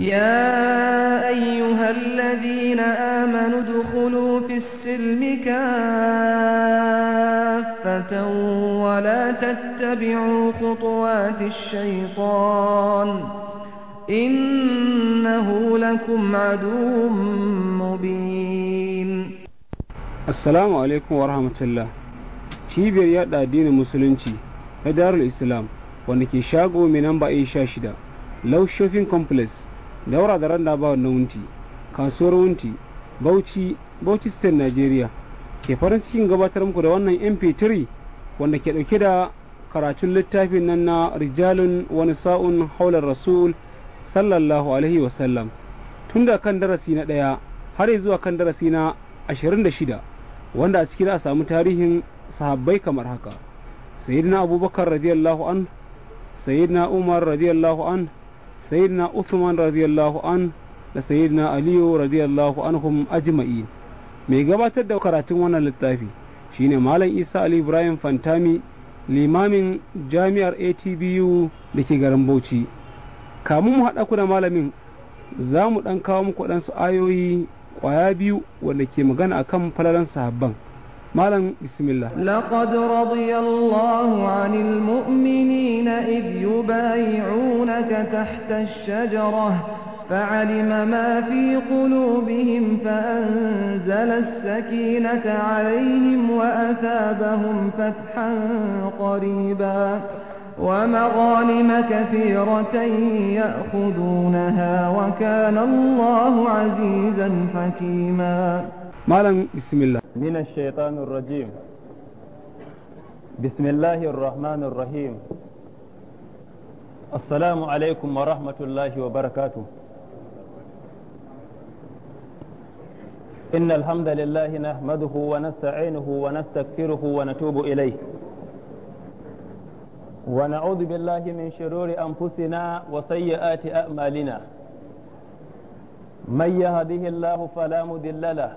يا أيها الذين آمنوا ادخلوا في السلم كافة ولا تتبعوا خطوات الشيطان إنه لكم عدو مبين السلام عليكم ورحمة الله تيبي رياد دين المسلمين لدار الإسلام ونكي شاقو من أنبا شاشدة لو شوفين كمبلس wura da randa ba wannan wunti kasuwar wunti bauchi bauchi state nigeria ke farin cikin gabatar muku da wannan mp3 wanda ke dauke da karatun littafin nan na rijalun wani sa'un haular rasul sallallahu alaihi wasallam tun da kan darasi na ɗaya har zuwa kan darasi na 26 wanda a ciki za a samu tarihin sahabbai kamar haka sayyidina abubakar radiyallahu an sayyidina umar radiyallahu an sayyidina Uthman radiyallahu an da sayyidina Aliyu radiyallahu anhum ajma'in mai gabatar da karatun wannan littafi shine malam Isa Ali Ibrahim Fantami limamin jami'ar ATBU da ke garin Bauchi kamun mu haɗa ku da malamin za mu ɗan kawo muku su ayoyi kwaya biyu wanda ke magana akan falalan sahabban لم بسم الله لقد رضي الله عن المؤمنين إذ يبايعونك تحت الشجرة فعلم ما في قلوبهم فأنزل السكينة عليهم وأثابهم فتحا قريبا ومغانم كثيرة يأخذونها وكان الله عزيزا حكيما لم بسم الله من الشيطان الرجيم بسم الله الرحمن الرحيم السلام عليكم ورحمة الله وبركاته إن الحمد لله نحمده ونستعينه ونستغفره ونتوب إليه ونعوذ بالله من شرور أنفسنا وسيئات أعمالنا من يهده الله فلا مضل له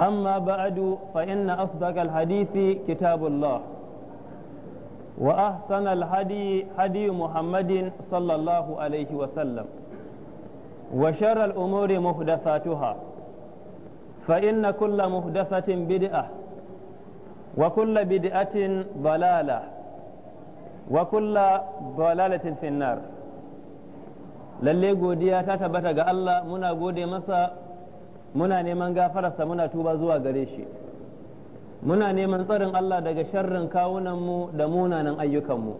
أما بعد فإن أصدق الحديث كتاب الله وأحسن الهدي هدي محمد صلى الله عليه وسلم وشر الأمور محدثاتها فإن كل محدثة بدعة وكل بدعة ضلالة وكل ضلالة في النار lalle godiya ta tabbata ga Allah muna gode masa muna neman gafararsa muna tuba zuwa gare shi muna neman tsarin Allah daga sharrin kawunan mu da munanan ayyukanmu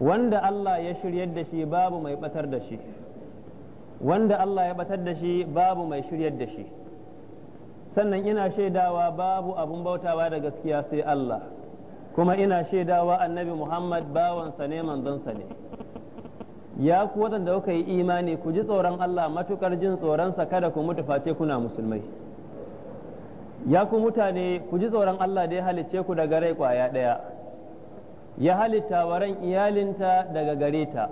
wanda Allah ya shiryar da shi babu mai batar da shi wanda Allah ya batar da shi babu mai shiryar da shi sannan ina shaidawa babu abun bautawa da gaskiya sai Allah kuma ina shaidawa annabi Muhammad bawansa ne manzonsa ne ya ku waɗanda kuka yi imani ku ji tsoron Allah matukar jin tsoron sa kada ku mutu face kuna musulmai ya ku mutane ku ji tsoron Allah da ya halicce ku daga rai kwaya ɗaya ya halitta waran ran iyalinta daga gare ta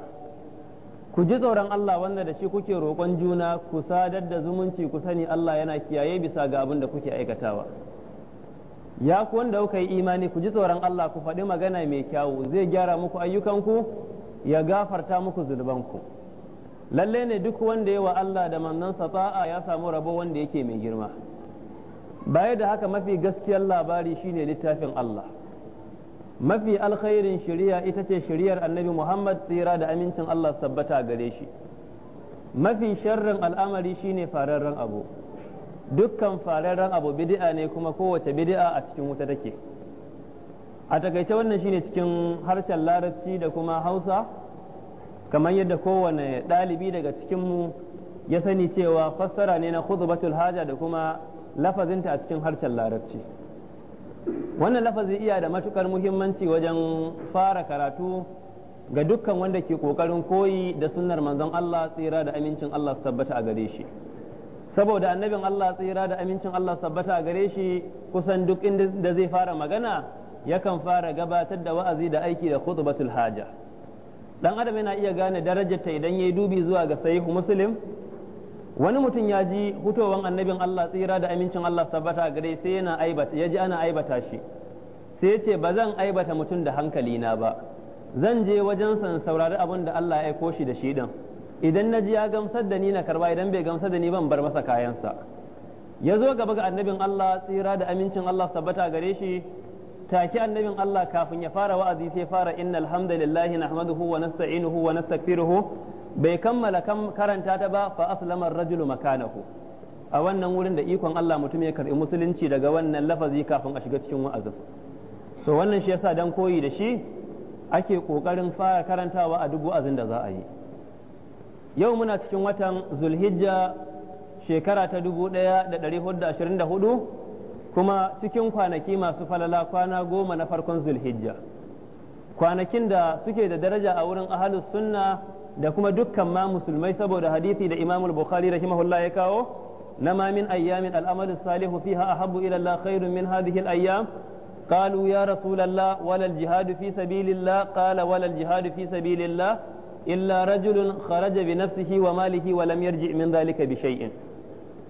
ku ji tsoron Allah wanda da shi kuke roƙon juna ku sadar da zumunci ku sani Allah yana kiyaye bisa ga abin da kuke aikatawa ya ku wanda kuka yi imani ku ji tsoron Allah ku faɗi magana mai kyawu zai gyara muku ayyukan ku? ya gafarta muku zunubanku lalle ne duk wanda ya wa Allah da manzansa ta'a ya samu rabo wanda yake mai girma baya da haka mafi gaskiyar labari shine littafin Allah mafi alkhairin shari'a ita ce shari'ar annabi Muhammad tsira da amincin Allah tabbata gare shi mafi sharrin al'amari shine fararren abu dukkan fararren abu bid'a ne kuma kowace bid'a a cikin wuta take a takaice wannan shine cikin harshen larabci da kuma hausa kamar yadda kowane ɗalibi daga cikinmu ya sani cewa fassara ne na khutbatul haja da kuma lafazinta a cikin harshen larabci wannan lafazin iya da matukar muhimmanci wajen fara karatu ga dukkan wanda ke kokarin koyi da sunnar manzon Allah tsira da amincin Allah tabbata a gare shi saboda annabin Allah tsira da amincin Allah tabbata a gare shi kusan duk inda zai fara magana yakan fara gabatar da wa'azi da aiki da khutbatul haja dan adam yana iya gane darajarta idan yayi dubi zuwa ga sahihu muslim wani mutum ya ji hutowan annabin Allah tsira da amincin Allah sabbata gare sai yana aibata ya ana aibata shi sai ya ce ba zan aibata mutum da hankali na ba zan je wajen san saurari abin da Allah ya aiko shi da shi din idan na ji ya gamsar da ni na karba idan bai gamsar da ni ban bar masa kayansa ya zo gaba ga annabin Allah tsira da amincin Allah sabbata gare shi take annabin Allah kafin ya fara wa'azi sai fara inna hamdalillahi nahmaduhu wa nasta'inuhu wa nastaghfiruhu bai kammala karanta ta ba fa aslama ar-rajulu makanahu a wannan wurin da ikon Allah mutum ya karbi musulunci daga wannan lafazi kafin a shiga cikin wa'azin to wannan shi yasa dan koyi da shi ake kokarin fara karantawa a duk wa'azin da za a yi yau muna cikin watan zulhijja shekara ta hudu. kuma cikin kwanaki masu falala kwana goma na farkon zulhijja kwanakin da suke da daraja a wurin ahalus sunna da kuma dukkan ma musulmai saboda hadisi da imamul bukhari rahimahullah ya kawo na ma min ayyamin al'amalu salihu fiha ahabbu ila Allah khairun min hadhihi al-ayyam قالوا يا رسول الله ولا الجهاد في سبيل الله قال ولا الجهاد في سبيل الله إلا رجل خرج بنفسه وماله ولم يرجع من ذلك بشيء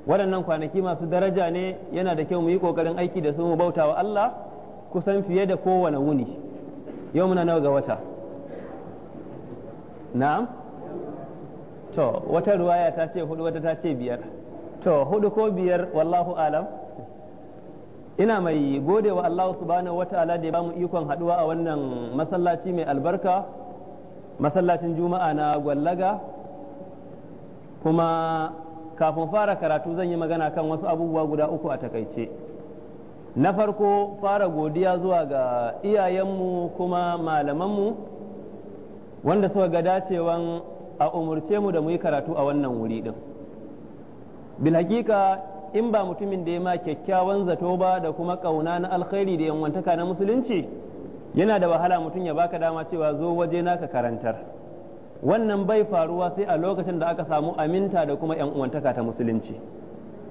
waɗannan kwanaki masu daraja ne yana da kyau mu yi ƙoƙarin aiki da su mu bauta wa Allah kusan fiye da kowane wuni yau muna nawa ga wata na'am to wata ruwaya ta ce hudu wata ta ce biyar to hudu ko biyar wallahu alam ina mai gode wa Allah subhanahu wata'ala da ya bamu ikon haduwa a wannan masallaci mai albarka masallacin juma'a na gwallaga kuma kafin fara karatu zan yi magana kan wasu abubuwa guda uku a takaice na farko fara godiya zuwa ga iyayenmu kuma malamanmu wanda suka ga dacewan a umurce mu da mu yi karatu a wannan wuri din bil hakika in ba mutumin da ya ma kyakkyawan zato ba da kuma ƙauna na alkhairi da yanwantaka na musulunci yana da wahala mutum ya baka dama cewa zo waje ka karantar wannan bai faruwa sai a lokacin da aka samu aminta da kuma yan uwantaka ta musulunci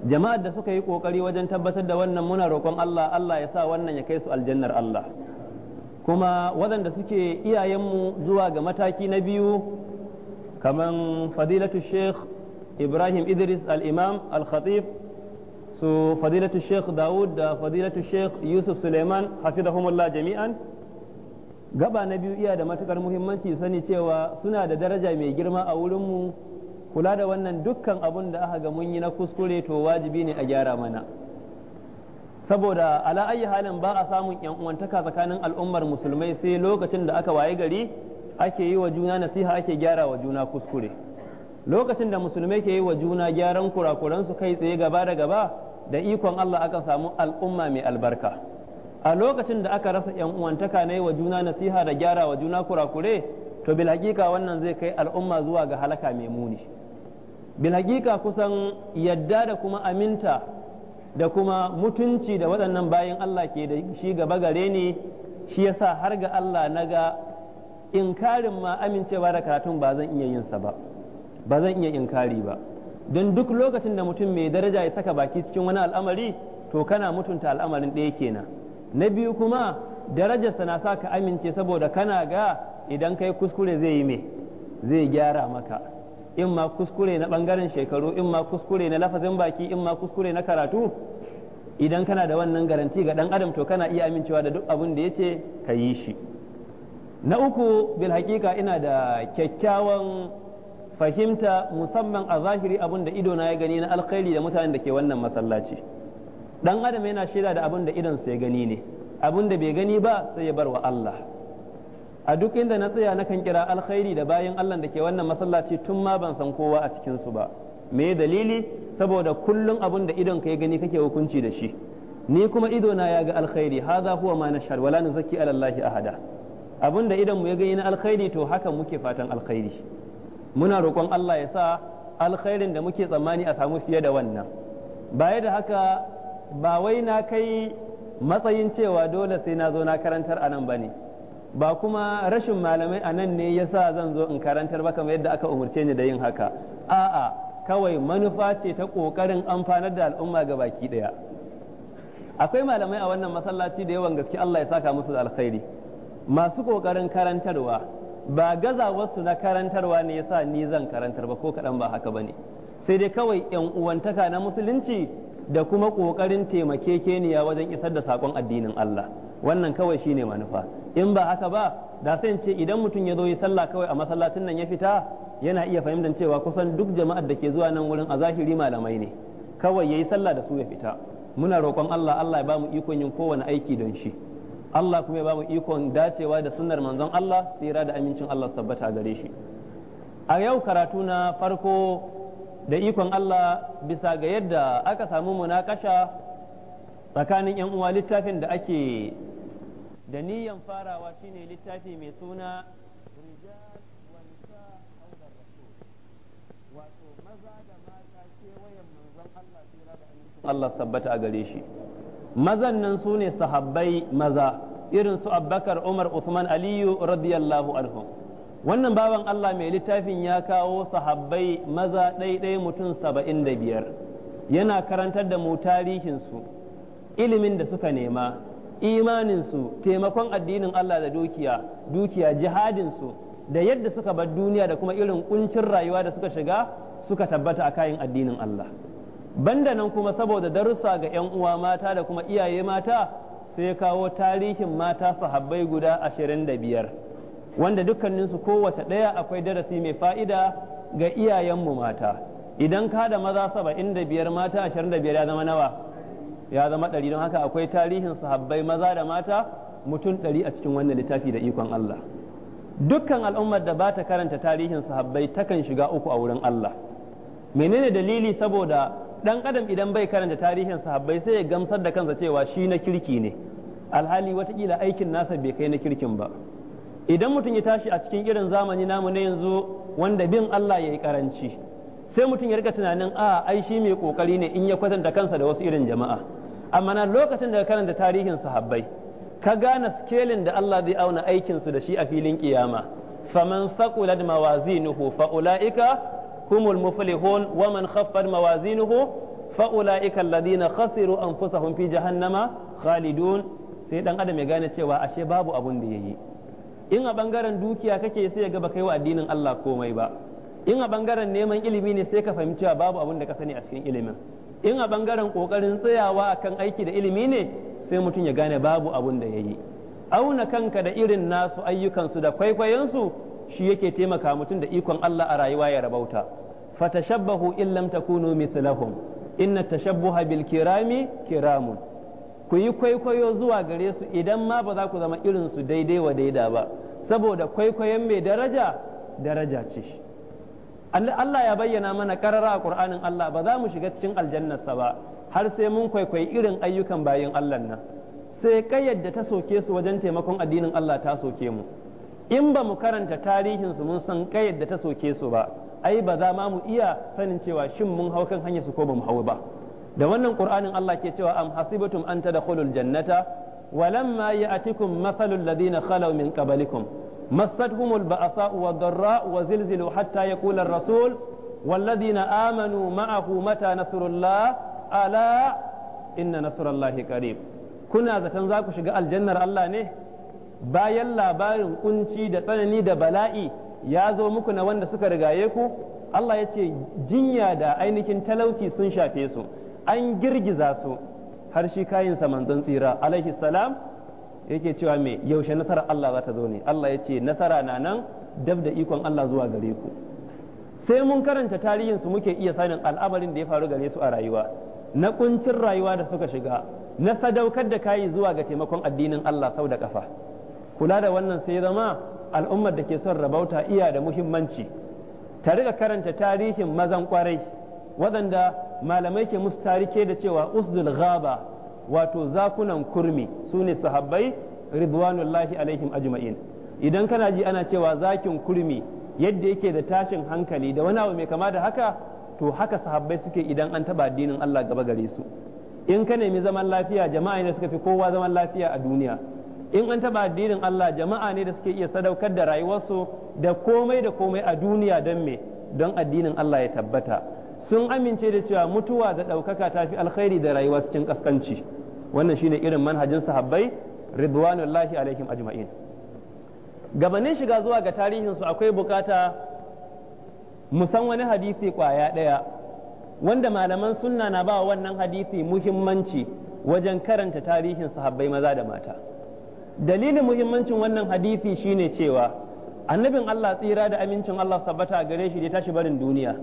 jama'ar da suka yi kokari wajen tabbatar da wannan muna roƙon Allah Allah ya sa wannan ya kai su aljannar Allah kuma waɗanda suke iyayenmu zuwa ga mataki na biyu kaman fadilatu sheikh ibrahim idris al-imam al-khatib su fadilatu sheikh dawud da fadilatu sheikh yusuf suleiman hafizahumullah jami'an gaba na biyu iya da matukar muhimmanci sani cewa suna da daraja mai girma a wurinmu kula da wannan dukkan abun da aka ga mun yi na kuskure to wajibi ne a gyara mana saboda ala ayi halin ba a samun yan uwantaka tsakanin al'ummar musulmai sai lokacin da aka waye gari ake yi wa juna nasiha ake gyara wa juna kuskure lokacin da musulmai ke yi wa juna gyaran kurakuran su kai tsaye gaba da gaba da ikon Allah aka samu al'umma mai albarka a lokacin da aka rasa yan uwantaka ne wa juna nasiha da gyara wa juna kurakure to bil hakika wannan zai kai al'umma zuwa ga halaka mai muni bil hakika kusan yadda da kuma aminta da kuma mutunci da waɗannan bayan Allah ke da shi gaba gare ni shi yasa har ga Allah na naga inkarin ma amincewa da karatun ba zan iya yin sa ba ba zan iya inkari ba don duk lokacin da mutum mai daraja ya saka baki cikin wani al'amari to kana mutunta al'amarin ɗaya kenan na biyu kuma darajarsa na sa ka amince saboda kana ga idan kai kuskure zai yi me zai gyara maka in ma kuskure na bangaren shekaru in ma kuskure na lafazin baki in ma kuskure na karatu idan kana da wannan garanti ga dan adam to kana iya amincewa da duk abin da ce ka yi shi na uku bil hakika ina da kyakkyawan fahimta musamman a zahiri abin da ido ya gani na alkhairi da mutanen da ke wannan masallaci dan adam yana shaida da abin da idan ya gani ne abin da bai gani ba sai ya bar wa Allah a duk inda na tsaya na kan kira alkhairi da bayan Allah da ke wannan masallaci tun ma ban san kowa a cikin su ba me dalili saboda kullun abin da idan ka ya gani kake hukunci da shi ni kuma ido na ya ga alkhairi hadha huwa ma nashar wala nuzakki ala allahi ahada abin da idan mu ya gani na alkhairi to haka muke fatan alkhairi muna roƙon Allah ya sa alkhairin da muke tsammani a samu fiye da wannan baya da haka ba wai na kai matsayin cewa dole sai na zo na karantar a nan ba ne ba kuma rashin malamai a nan ne ya sa zan zo in karantar ba kamar yadda aka umarce ni da yin haka a'a kawai manufa ce ta ƙoƙarin amfanar da al'umma ga baki ɗaya akwai malamai a wannan masallaci da yawan gaske Allah ya saka musu da alkhairi masu ƙoƙarin karantarwa ba gazawarsu na karantarwa ne yasa ni zan karantar ba ko kaɗan ba haka ba ne sai dai kawai 'yan uwantaka na musulunci da kuma ƙoƙarin taimakekeniya wajen isar da saƙon addinin Allah wannan kawai shine manufa in ba haka ba da sai ce idan mutum ya zo yi sallah kawai a masallacin nan ya fita yana iya fahimtar cewa kusan duk jama'ar da ke zuwa nan wurin a zahiri malamai ne kawai yayi sallah da su ya fita muna roƙon Allah Allah ya mu ikon yin kowane aiki don shi Allah kuma ya mu ikon dacewa da sunnar manzon Allah tsira da amincin Allah tabbata gare shi a yau karatu na farko da ikon Allah bisa ga yadda aka samu munakasha tsakanin 'yan uwa littafin da ake da niyan farawa shine littafi mai suna Allah sabbata a gare shi mazan nan su ne sahabbai maza irin su Abubakar Umar Uthman Aliyu radiyallahu anhu. wannan baban Allah mai littafin ya kawo sahabbai maza ɗaiɗai mutum saba'in da biyar yana karantar da mu tarihinsu ilimin da suka nema imaninsu taimakon addinin Allah da dukiya dukiya jihadinsu da yadda suka bar duniya da kuma irin kuncin rayuwa da suka shiga suka tabbata a kayan addinin Allah banda nan kuma saboda darussa ga 'yan uwa mata da kuma iyaye mata sai kawo tarihin mata sahabbai guda ashirin da biyar wanda dukkaninsu kowace ɗaya akwai darasi mai fa'ida ga iyayenmu mata idan ka da maza saba'in da biyar mata ashirin da biyar ya zama nawa ya zama ɗari don haka akwai tarihin sahabbai maza da mata mutum ɗari a cikin wannan littafi da ikon Allah dukkan al'ummar da ba ta karanta tarihin sahabbai takan shiga uku a wurin Allah menene dalili saboda ɗan adam idan bai karanta tarihin sahabbai sai ya gamsar da kansa cewa shi na kirki ne alhali watakila aikin nasa bai kai na kirkin ba idan mutum ya tashi a cikin irin zamani namu na yanzu wanda bin Allah ya yi karanci sai mutum ya rika tunanin a ai shi mai kokari ne in ya kwatanta kansa da wasu irin jama'a amma na lokacin da ka karanta tarihin sahabbai ka gane skelin da Allah zai auna aikin su da shi a filin kiyama faman faqulat mawazinuhu fa ulaika humul muflihun wa man khaffat mawazinuhu fa ulaika alladhina khasiru anfusahum fi jahannama khalidun sai dan adam ya gane cewa ashe babu abun da yayi in a bangaren dukiya kake sai ga baka yi wa addinin Allah komai ba in a bangaren neman ilimi ne sai ka fahimci babu abin da ka sani a cikin ilimin in a bangaren kokarin tsayawa akan aiki da ilimi ne sai mutum ya gane babu abin da yayi auna kanka da irin nasu ayyukansu da kwaikwayonsu shi yake taimaka mutum da ikon Allah a rayuwa ya rabauta fatashabbahu in takunu mithlahum inna tashabbuha bil kirami kiramun ku yi kwaikwayo zuwa gare su idan ma ba za ku zama irin su daidai wa daida ba saboda kwaikwayon mai daraja daraja ce Allah ya bayyana mana karara a Qur'anin Allah ba za mu shiga cikin aljannarsa ba har sai mun kwaikwayi irin ayyukan bayan Allah nan sai da ta soke su wajen taimakon addinin Allah ta soke mu in ba mu karanta tarihinsu mun san da ta soke su ba ai ba za ma mu iya sanin cewa shin mun hau kan hanyar su ko ba mu hau ba da wannan qur'anin Allah ke cewa am hasibatum an tadkhulul jannata walamma ya'tikum mathalul ladina khalaw min qablikum massatuhumul ba'sa'u wad-dharra'u wa zilzilu hatta yaqula ar-rasul والذين آمنوا معه متى نصر الله ألا إن نصر الله قريب كنا zaton za ku shiga aljannar Allah ne bayan labarin kunci da tsanani da bala'i ya zo muku na wanda suka rigaye ku Allah ya ce jinya da ainihin talauci sun shafe su an girgiza su har shi kayansa manzon tsira alaihi salam yake cewa me yaushe nasarar Allah za ta zo ne Allah ya ce nasara na nan dab da ikon Allah zuwa gare ku sai mun karanta tarihin su muke iya sanin al'amarin da ya faru gare su a rayuwa na kuncin rayuwa da suka shiga na sadaukar da kayi zuwa ga taimakon addinin Allah sau da kafa kula da wannan sai zama al'ummar da ke son rabauta iya da muhimmanci ta riga karanta tarihin mazan kwarai waɗanda malamai ke musu tarike da cewa usdul ghaba wato zakunan kurmi su ne sahabbai ridwanullahi alaihim ajma'in idan kana ji ana cewa zakin kurmi yadda yake da tashin hankali da wani abu mai kama da haka to haka sahabbai suke idan an taba addinin Allah gaba gare su in ka nemi zaman lafiya jama'a ne suka fi kowa zaman lafiya a duniya in an taba addinin Allah jama'a ne da suke iya sadaukar da rayuwarsu da komai da komai a duniya don me don addinin Allah ya tabbata sun amince da cewa mutuwa da ɗaukaka ta fi alkhairi da rayuwa cikin kaskanci wannan shine irin manhajin sahabbai ridwanullahi alaihim ajma'in gabanin shiga zuwa ga tarihin su akwai bukata san wani hadisi kwaya ɗaya wanda malaman sunna na ba wannan hadisi muhimmanci wajen karanta tarihin sahabbai maza da mata dalilin muhimmancin wannan hadisi shine cewa annabin Allah tsira da amincin Allah sabbata gare shi da tashi barin duniya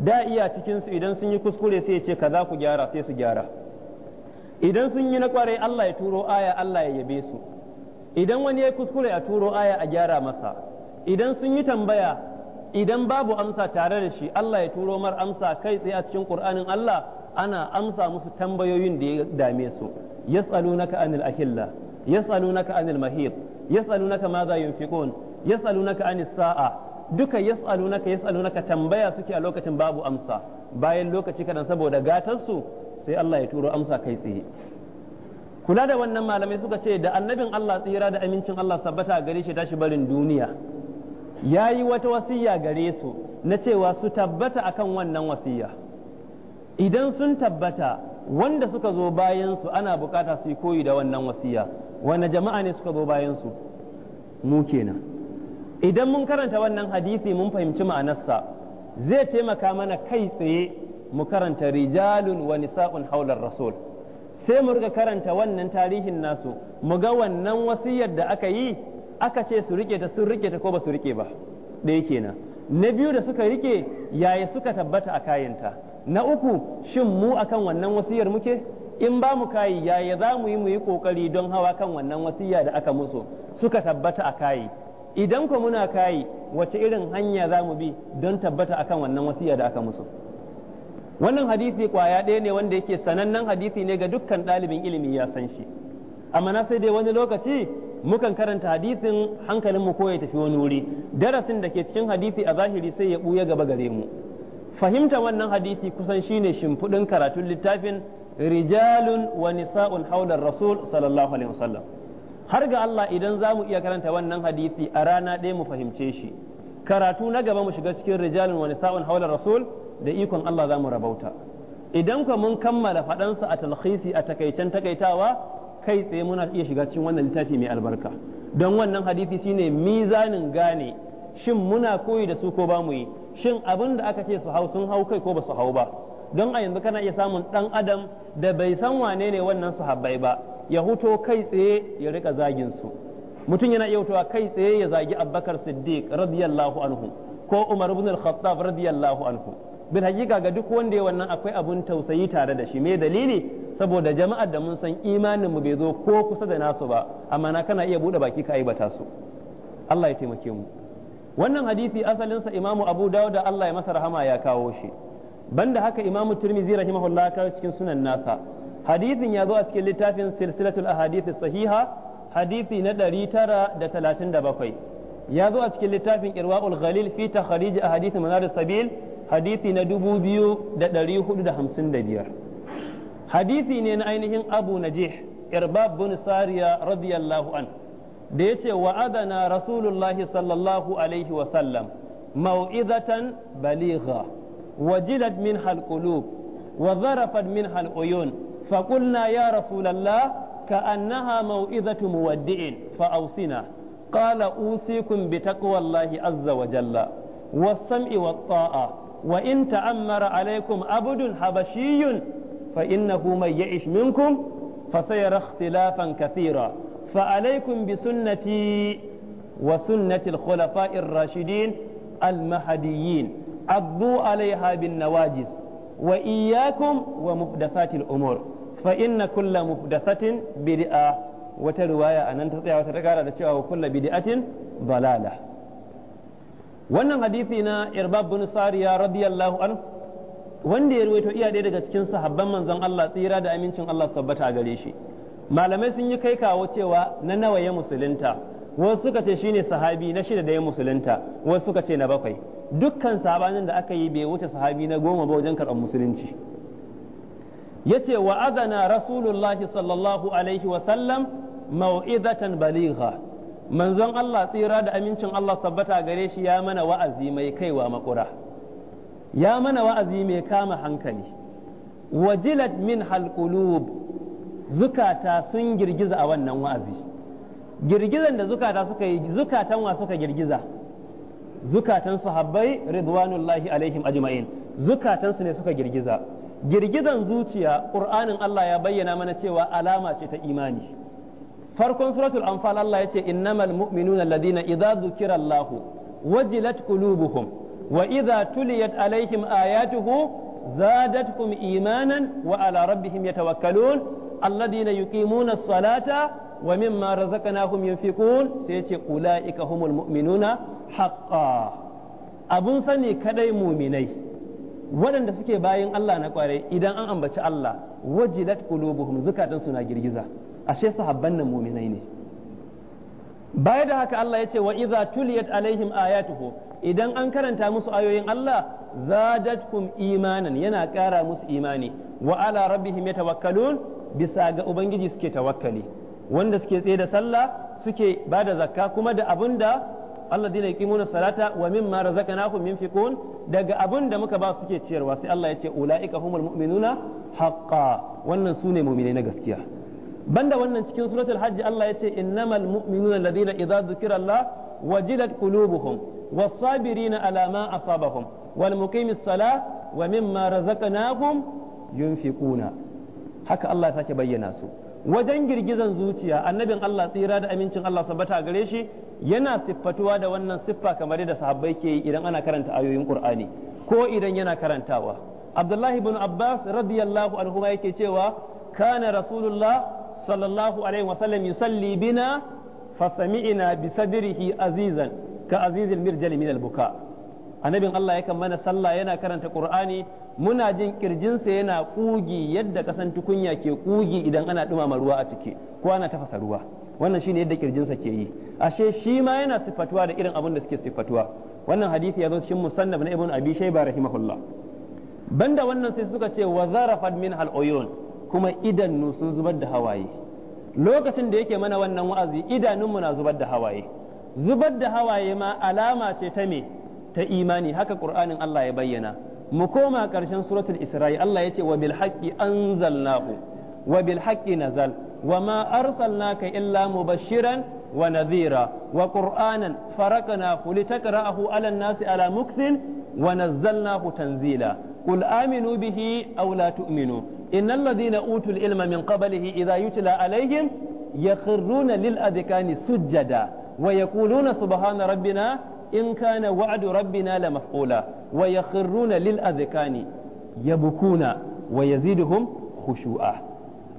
da iya cikinsu idan sun yi kuskure sai ya ce kaza ku gyara sai su gyara idan sun yi na kwarai Allah ya turo aya Allah ya yabe su idan wani ya kuskure a turo aya a gyara masa idan sun yi tambaya idan babu amsa tare da shi Allah ya turo mar amsa kai tsaye a cikin Qur'anin Allah ana amsa musu tambayoyin da ya dame su yas'alunaka anil ahilla yas'alunaka anil mahid yas'alunaka madha yunfiqun yas'alunaka anis sa'a duka yas'alunaka yas'alunaka tambaya suke a lokacin babu amsa bayan lokaci kadan saboda gatansu sai Allah ya turo amsa kai tsaye kula da wannan malamai suka ce da annabin Allah tsira da amincin Allah sabbata gare shi tashi barin duniya yayi wata wasiya gare su na cewa su tabbata akan wannan wasiya idan sun tabbata wanda suka zo bayan su ana bukata su koyi da wannan wasiya wanda jama'a ne suka zo bayan su mu kenan idan mun karanta wannan hadisi mun fahimci ma'anarsa zai taimaka mana kai tsaye mu karanta rijalun wa nisa'un haular rasul sai mu riga karanta wannan tarihin nasu mu ga wannan wasiyar da aka yi aka ce su rike ta sun rike ta ko ba su rike ba ɗaya kenan na biyu da suka rike yaya suka tabbata a kayanta na uku shin mu akan wannan wasiyar muke in ba mu kayi yaya za mu yi mu yi kokari don hawa kan wannan wasiya da aka musu suka tabbata a kayi idan ku muna kayi wace irin hanya za mu bi don tabbata akan wannan wasiya da aka musu wannan hadisi kwaya ɗaya ne wanda yake sanannen hadisi ne ga dukkan ɗalibin ilimi ya san shi amma na sai dai wani lokaci mukan karanta hadisin hankalin mu ko ya tafi wani wuri darasin da ke cikin hadisi a zahiri sai ya buya gaba gare mu fahimta wannan hadisi kusan shine shimfiɗin karatun littafin rijalun wa nisa'un haular rasul sallallahu alaihi wasallam har ga Allah idan za mu iya karanta wannan hadisi a rana ɗaya mu fahimce shi karatu na gaba mu shiga cikin rijalin wani sa'un haular rasul da ikon Allah za mu rabauta idan kuma mun kammala faɗansa a talhisi a takaicen takaitawa kai tsaye muna iya shiga cikin wannan littafi mai albarka don wannan hadisi shine mizanin gane shin muna koyi da su ko ba mu yi shin abin da aka ce su hau sun hau kai ko ba su hau ba don a yanzu kana iya samun ɗan adam da bai san wane ne wannan sahabbai ba ya huto kai tsaye ya rika zagin su mutum yana iya hutowa kai tsaye ya zagi Abubakar Siddiq radiyallahu anhu ko Umar ibn al-Khattab radiyallahu anhu bin hakika ga duk wanda ya wannan akwai abun tausayi tare da shi me dalili saboda jama'ar da mun san imanin mu bai zo ko kusa da nasu ba amma na kana iya bude baki ka aibata su Allah ya taimake mu wannan hadisi asalinsa imamu abu dauda Allah ya masa rahama ya kawo shi banda haka imamu tirmizi rahimahullah ka cikin sunan nasa hadisin ya zo a cikin littafin silsilatul ahadith sahiha hadisi na da da talatin bakwai ya zo a cikin littafin irwaul ghalil fi takhrij ahadith manar sabil hadisi na da hudu biyar. hadisi ne na ainihin abu najih irbab bin sariya radiyallahu an da yace wa adana rasulullahi sallallahu alaihi wa sallam mau'izatan baligha وجلت منها القلوب وظرفت منها العيون فقلنا يا رسول الله كأنها موئذة مودع فأوصنا قال أوصيكم بتقوى الله عز وجل والسمع والطاعة وإن تأمر عليكم عبد حبشي فإنه من يعش منكم فسيرى اختلافا كثيرا فعليكم بسنتي وسنة الخلفاء الراشدين المهديين addu alaiha bin nawajis wa iyyakum wa muhdathatil umur fa inna kulla muhdathatin bid'a wata riwaya anan ta tsaya wata ta kara da cewa wa kulla bid'atin dalala wannan hadisi na irbab bin sariya radiyallahu anhu wanda ya ruwaito iya daya daga cikin sahabban manzon Allah tsira da amincin Allah sabbata gare shi malamai sun yi kai kawo cewa na nawa ya musulunta wasu suka ce shine sahabi na shida da ya musulunta wasu suka ce na bakwai dukkan sabanin da aka yi bai wuce sahabi na goma ba wajen karɓar musulunci Ya wa adana rasulullahi sallallahu alaihi wa sallam mau'izatan baligha manzon Allah tsira da amincin Allah sabbata gare shi ya mana wa'azi mai kaiwa makura ya mana wa'azi mai kama hankali wajilat min halqulub zukata sun girgiza a wannan wa'azi girgizan da zukata suka yi zukatan wa suka girgiza zukatan sahabbai ridwanullahi alaihim ajma'in zukatan su ne suka girgiza girgizan zuciya qur'anin Allah ya bayyana mana cewa alama ce ta imani farkon suratul anfal Allah ya ce innamal mu'minuna alladhina idza dhukira wajilat qulubuhum wa idza tuliyat alaihim ayatuhu zadatkum imanan wa ala rabbihim yatawakkalun alladhina yuqimuna as-salata wa mimma razaqnahum yunfiqun sai ya ce ulaika humul mu'minuna haƙƙa abun sani kaɗai muminai waɗanda suke bayan Allah na kwarai idan an ambaci Allah wajilat qulubuhum zukatan suna girgiza ashe sahabban nan muminai ne baya da haka Allah ya ce wa idza tuliyat alaihim ayatuhu idan an karanta musu ayoyin Allah zadatkum imanan yana ƙara musu imani wa ala rabbihim yatawakkalun bisa ga ubangiji suke tawakkali wanda suke tsaye da sallah suke ba da zakka kuma da abin da alladina yuqimuna salata wa mimma razaqnahum yunfiqun daga abin da muka ba su suke ciyarwa sai Allah ya ce ulaika humul mu'minuna haqqan wannan sune mu'minai na gaskiya banda wannan cikin suratul hajj Allah ya ce innamal mu'minuna alladina idza dhukira Allah wajilat qulubuhum was-sabirina ala ma asabahum wal muqimis salah wa mimma razaqnahum yunfiquna haka Allah ya sake bayyana su wajen girgizan zuciya annabin Allah tsira da amincin Allah sabbata gare shi yana siffatuwa da wannan siffa kamar yadda sahabbai ke yi idan ana karanta ayoyin Qur'ani ko idan yana karantawa Abdullahi ibn Abbas radiyallahu anhu yake cewa kana rasulullah sallallahu alaihi wasallam yusalli bina fasami'na bi sadrihi azizan ka azizil mirjali min al-buka annabin Allah yakan mana sallah yana karanta Qur'ani muna jin kirjinsa yana kugi yadda kasan tukunya ke kugi idan ana dumama ruwa a ciki ko ana tafasa ruwa wannan shine yadda kirjinsa ke yi ashe shi ma yana sifatuwa da irin abin da suke sifatuwa wannan hadisi ya zo cikin musannaf na ibn abi shayba rahimahullah banda wannan sai suka ce wa zarafat min hal uyun kuma idanu sun zubar da hawaye lokacin da yake mana wannan wa'azi idanunmu na zubar da hawaye zubar da hawaye ma alama ce ta me ta imani haka qur'anin Allah ya bayyana mu koma ƙarshen suratul isra'i Allah ce wa bil haqqi anzalnahu wa bil haqqi nazal wa ma arsalnaka illa mubashiran wa nadhira wa qur'anan faraqnahu litaqra'ahu 'ala an-nasi 'ala mukthin wa nazzalnahu tanzila قل آمنوا به أو لا تؤمنوا إن الذين أوتوا العلم من قبله إذا يتلى عليهم يخرون للأذكان سجدا ويقولون سبحان ربنا in kana wa'adu rabbina la maf'ula wa yakhruna lil azkani yabkuna wa yaziduhum khushu'a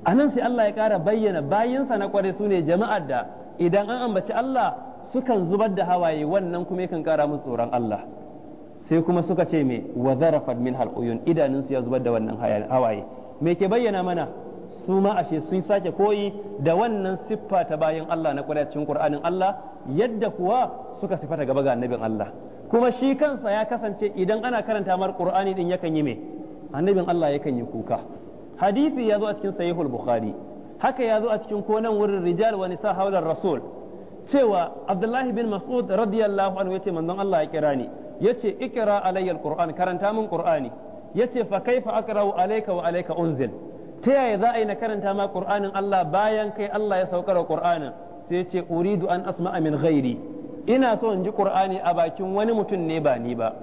anan sai Allah ya kara bayyana bayansa na kware sune jama'ar da idan an ambaci Allah sukan zubar da hawaye wannan kuma yakan kara musu tsoron Allah sai kuma suka ce me wa zarafat min hal uyun idanunsu ya zubar da wannan hawaye me ke bayyana mana su ma ashe sun sake koyi da wannan siffa ta bayan Allah na kwadacin Qur'anin Allah yadda kuwa suka sifata gaba ga annabin Allah kuma shi kansa ya kasance idan ana karanta mar Qur'ani din yakan yi me annabin Allah yakan yi kuka hadisi ya zo a cikin sahihul bukhari haka ya zo a cikin konan wurin rijal wa nisa haular rasul cewa abdullahi bin mas'ud radiyallahu anhu yace manzon Allah ya kira ni yace ikra alayya alquran karanta min qur'ani yace fa kaifa aqra'u alayka wa alayka unzil ta yaya za a yi na karanta ma Kur'anin Allah bayan kai Allah ya saukar Kur'anin sai yace uridu an asma'a min ghairi ina so in ji qur'ani a bakin wani mutum ne ba ni ba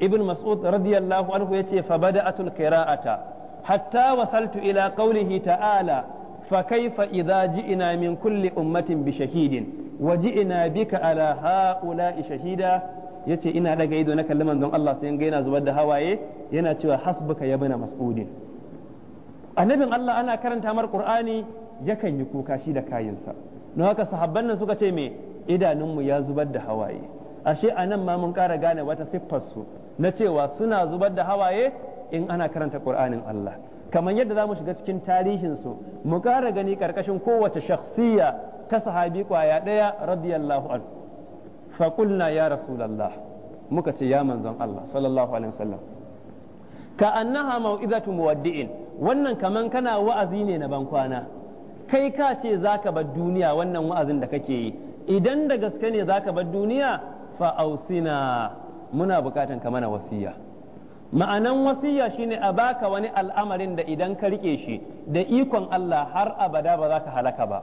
ibn mas'ud radiyallahu anhu yace fa bada'atul qira'ata hatta wasaltu ila qawlihi ta'ala fa kayfa idza ji'na min kulli ummatin bi shahidin wa ji'na bika ala ha'ula'i shahida yace ina daga ido na kalli don Allah sai ga yana zubar da hawaye yana cewa hasbuka ya bana mas'udin annabin Allah ana karanta mar qur'ani yakan yi kuka shi da kayinsa don haka sahabban nan suka ce me idanunmu ya zubar da hawaye ashe a nan ma mun ƙara gane wata siffarsu na cewa suna zubar da hawaye in ana karanta ƙur'anin Allah kamar yadda za mu shiga cikin tarihinsu mu ƙara gani ƙarƙashin kowace shakhsiya ta sahabi ƙwaya ɗaya radiyallahu an faƙulna ya rasulallah muka ce ya manzon Allah sallallahu alaihi wasallam ka annaha mau'izatu muwaddi'in wannan kaman kana wa'azi ne na bankwana kai ka ce zaka bar duniya wannan wa'azin da kake yi idan da gaske ne za ka bar duniya fa'ausina. ausina muna bukatan ka mana wasiya ma'anan wasiya shine a baka wani al'amarin da idan ka rike shi da ikon Allah har abada ba za ka halaka ba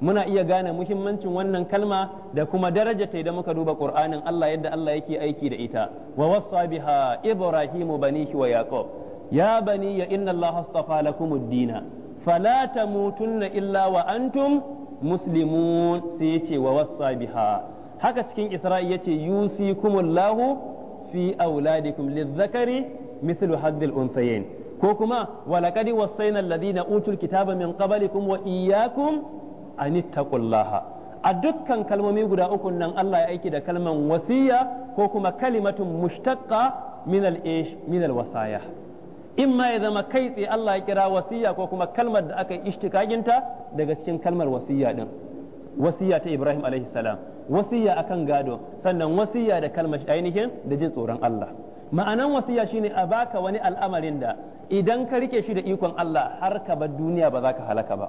muna iya gane muhimmancin wannan kalma da kuma darajata idan muka duba Qur'anin Allah yadda Allah yake aiki da ita wa wasa biha ibrahimu banihi wa yaqub ya bani ya inna Allah astafa lakumud dina fala tamutunna illa wa antum muslimun sai yace wa wassa biha haka cikin isra'i yace yusikumullahu fi auladikum lizzakari mithlu haddil unthayain ko kuma walaqad wasaina alladhina utul kitaba min qablikum wa iyyakum an ittaqullaha a dukkan kalmomi guda uku nan Allah ya aiki da kalman wasiya ko kuma kalimatun mushtaqqa min al-ish min al-wasaya in ma ya zama kai tsaye Allah ya kira wasiya ko kuma kalmar da aka yi ishtikaginta daga cikin kalmar wasiya din wasiya ta Ibrahim alaihi salam wasiya akan gado sannan wasiya da kalmar ainihin da jin tsoron Allah ma'anan wasiya shine a baka wani al'amarin da idan ka rike shi da ikon Allah har ka bar duniya ba za ka halaka ba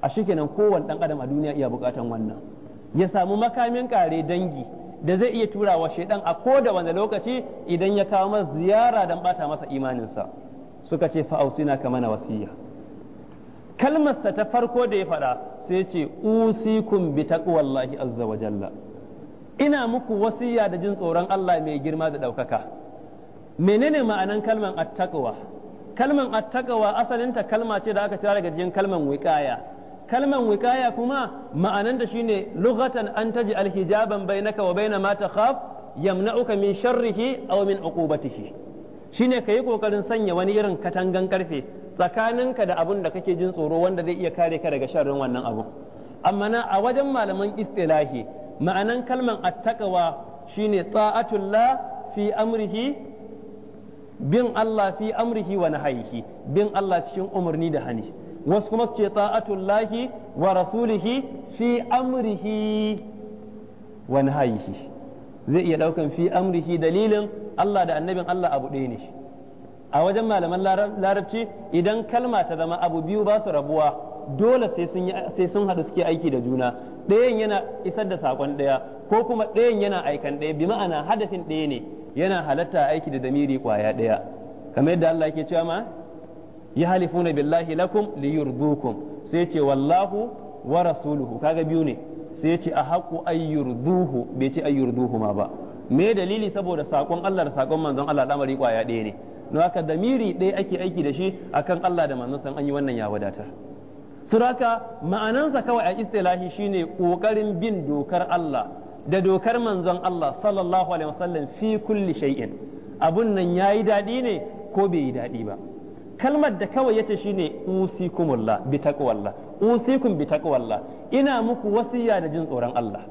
a shikenan kowanne dan adam a duniya iya bukatan wannan ya samu makamin kare dangi da zai iya tura turawa shaidan a ko da wani lokaci idan ya kawo masa ziyara dan bata masa imaninsa suka ce fa ausina ka mana wasiya sa ta farko da ya faɗa sai ce usikum bi taqwallahi azza wa jalla ina muku wasiya da jin tsoron Allah mai girma da ɗaukaka menene ma'anan kalmar at-taqwa asalin ta kalma ce da aka cira daga jin kalmar wiqaya kalman wikaya kuma ma'anan da shine lughatan an taji alhijaban bainaka wa baina ma takhaf yamna'uka min sharrihi aw min uqubatihi shine kai kokarin sanya wani irin katangan karfe tsakaninka da abun da kake jin tsoro wanda zai iya kare ka daga sharrin wannan abu amma na a wajen malaman istilahi ma'anan kalman attaqwa shine ta'atullah fi amrihi bin Allah fi amrihi wa nahyihi bin Allah cikin umarni da hani wasu kuma su ce ta'atullahi wa rasulihi fi amrihi wa nahayihi zai iya daukan fi amrihi dalilin Allah da annabin Allah abu ɗaya ne a wajen malaman larabci idan kalma ta zama abu biyu ba su rabuwa dole sai sun haɗu suke aiki da juna ɗayan yana isar da saƙon ɗaya ko kuma ɗayan yana aikan ɗaya bi ma'ana hadafin ɗaya ne yana halatta aiki da damiri ƙwaya ɗaya kamar yadda Allah ke cewa ma yahlifuna billahi lakum liyurdukum sai ce wallahu wa rasuluhu kaga biyu ne sai ce a haƙu ayyurduhu bai ce ayyurduhu ma ba me dalili saboda sakon Allah da sakon manzon Allah al'amari kwaya ɗaya ne don haka damiri ɗaya ake aiki da shi akan Allah da manzon san an yi wannan ya wadatar suraka ma'anansa kawai a istilahi shine kokarin bin dokar Allah da dokar manzon Allah sallallahu alaihi wasallam fi kulli shay'in abun nan yayi dadi ne ko bai yi dadi ba kalmar da kawai yace shine usikumullah bi taqwallah usikum bi taqwallah ina muku wasiya da jin tsoron Allah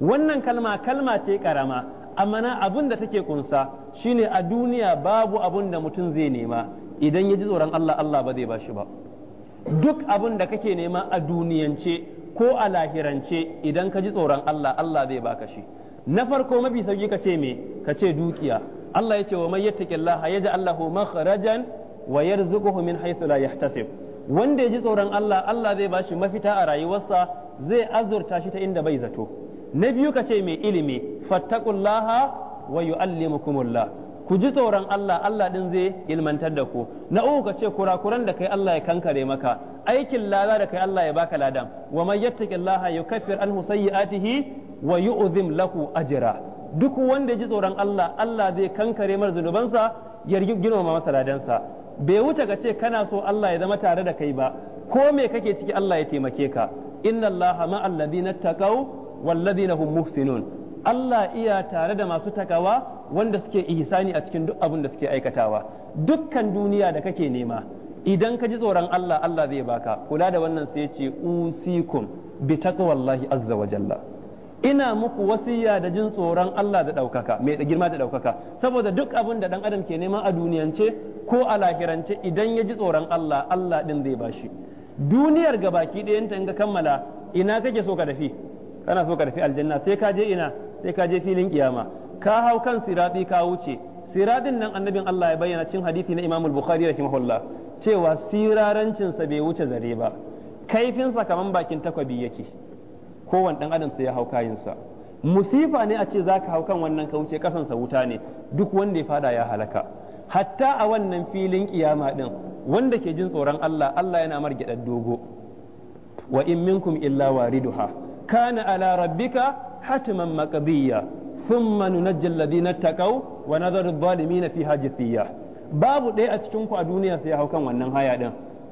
wannan kalma kalma ce karama amma na abin da take kunsa shine a duniya babu abun da mutum zai nema idan ya ji tsoron Allah Allah ba zai bashi ba duk abin da kake nema a duniyance ko a lahirance idan ka ji tsoron Allah Allah zai baka shi na farko mafi sauki ka ce me ka ce dukiya Allah ya ce wa man ya yaj'al lahu makhrajan wa yarzuquhu min haythu la yahtasib wanda ya ji tsoron Allah Allah zai bashi mafita a rayuwarsa zai azurta shi ta inda bai zato na biyu ka ce mai ilimi fattaqullaha wa yu'allimukumullah ku ji tsoron Allah Allah din zai ilmantar da ku na uku ka ce kurakuran da kai Allah ya kankare maka aikin lada da kai Allah ya baka ladan wa man yattaqillaha yukaffir anhu sayyi'atihi wa yu'zim lahu ajra duk wanda ya ji tsoron Allah Allah zai kankare mar zunubansa ya girmama masa ladansa bai wuce ka ce kana so Allah ya zama tare da kai ba ko me kake ciki Allah ya taimake ka inna Allah ma alladhina taqaw walladhina hum muhsinun Allah iya tare da masu takawa wanda suke ihsani a cikin duk abin da suke aikatawa dukkan duniya da kake nema idan ka ji tsoron Allah Allah zai baka kula da wannan sai ya ce usikum bi taqwallahi azza wa jalla ina muku wasiya da jin tsoron Allah da ɗaukaka mai da girma da ɗaukaka saboda duk abin da ɗan adam ke nema a duniyance ko a lahirance idan ya ji tsoron Allah Allah ɗin zai bashi duniyar ga baki ɗayanta in ka kammala ina kake so ka dafi kana so ka dafi aljanna sai ka je ina sai ka je filin kiyama ka hau kan sirati ka wuce siradin nan annabin Allah ya bayyana cikin hadisi na Imam Bukhari rahimahullah cewa sirarancinsa bai wuce zare ba kaifin sa kaman bakin takwabi yake kowane dan adam sai ya hau kayinsa musifa ne a ce zaka hau kan wannan ka wuce kasansa wuta ne duk wanda ya fada ya halaka hatta a wannan filin kiyama din wanda ke jin tsoron Allah Allah yana margidar dogo wa in minkum illa wariduha kana ala rabbika hatman maqdiya thumma nunajji alladhina taqaw wa nadharu adh-dhalimina fiha jithiya babu ɗaya a cikin ku a duniya sai ya hau kan wannan haya din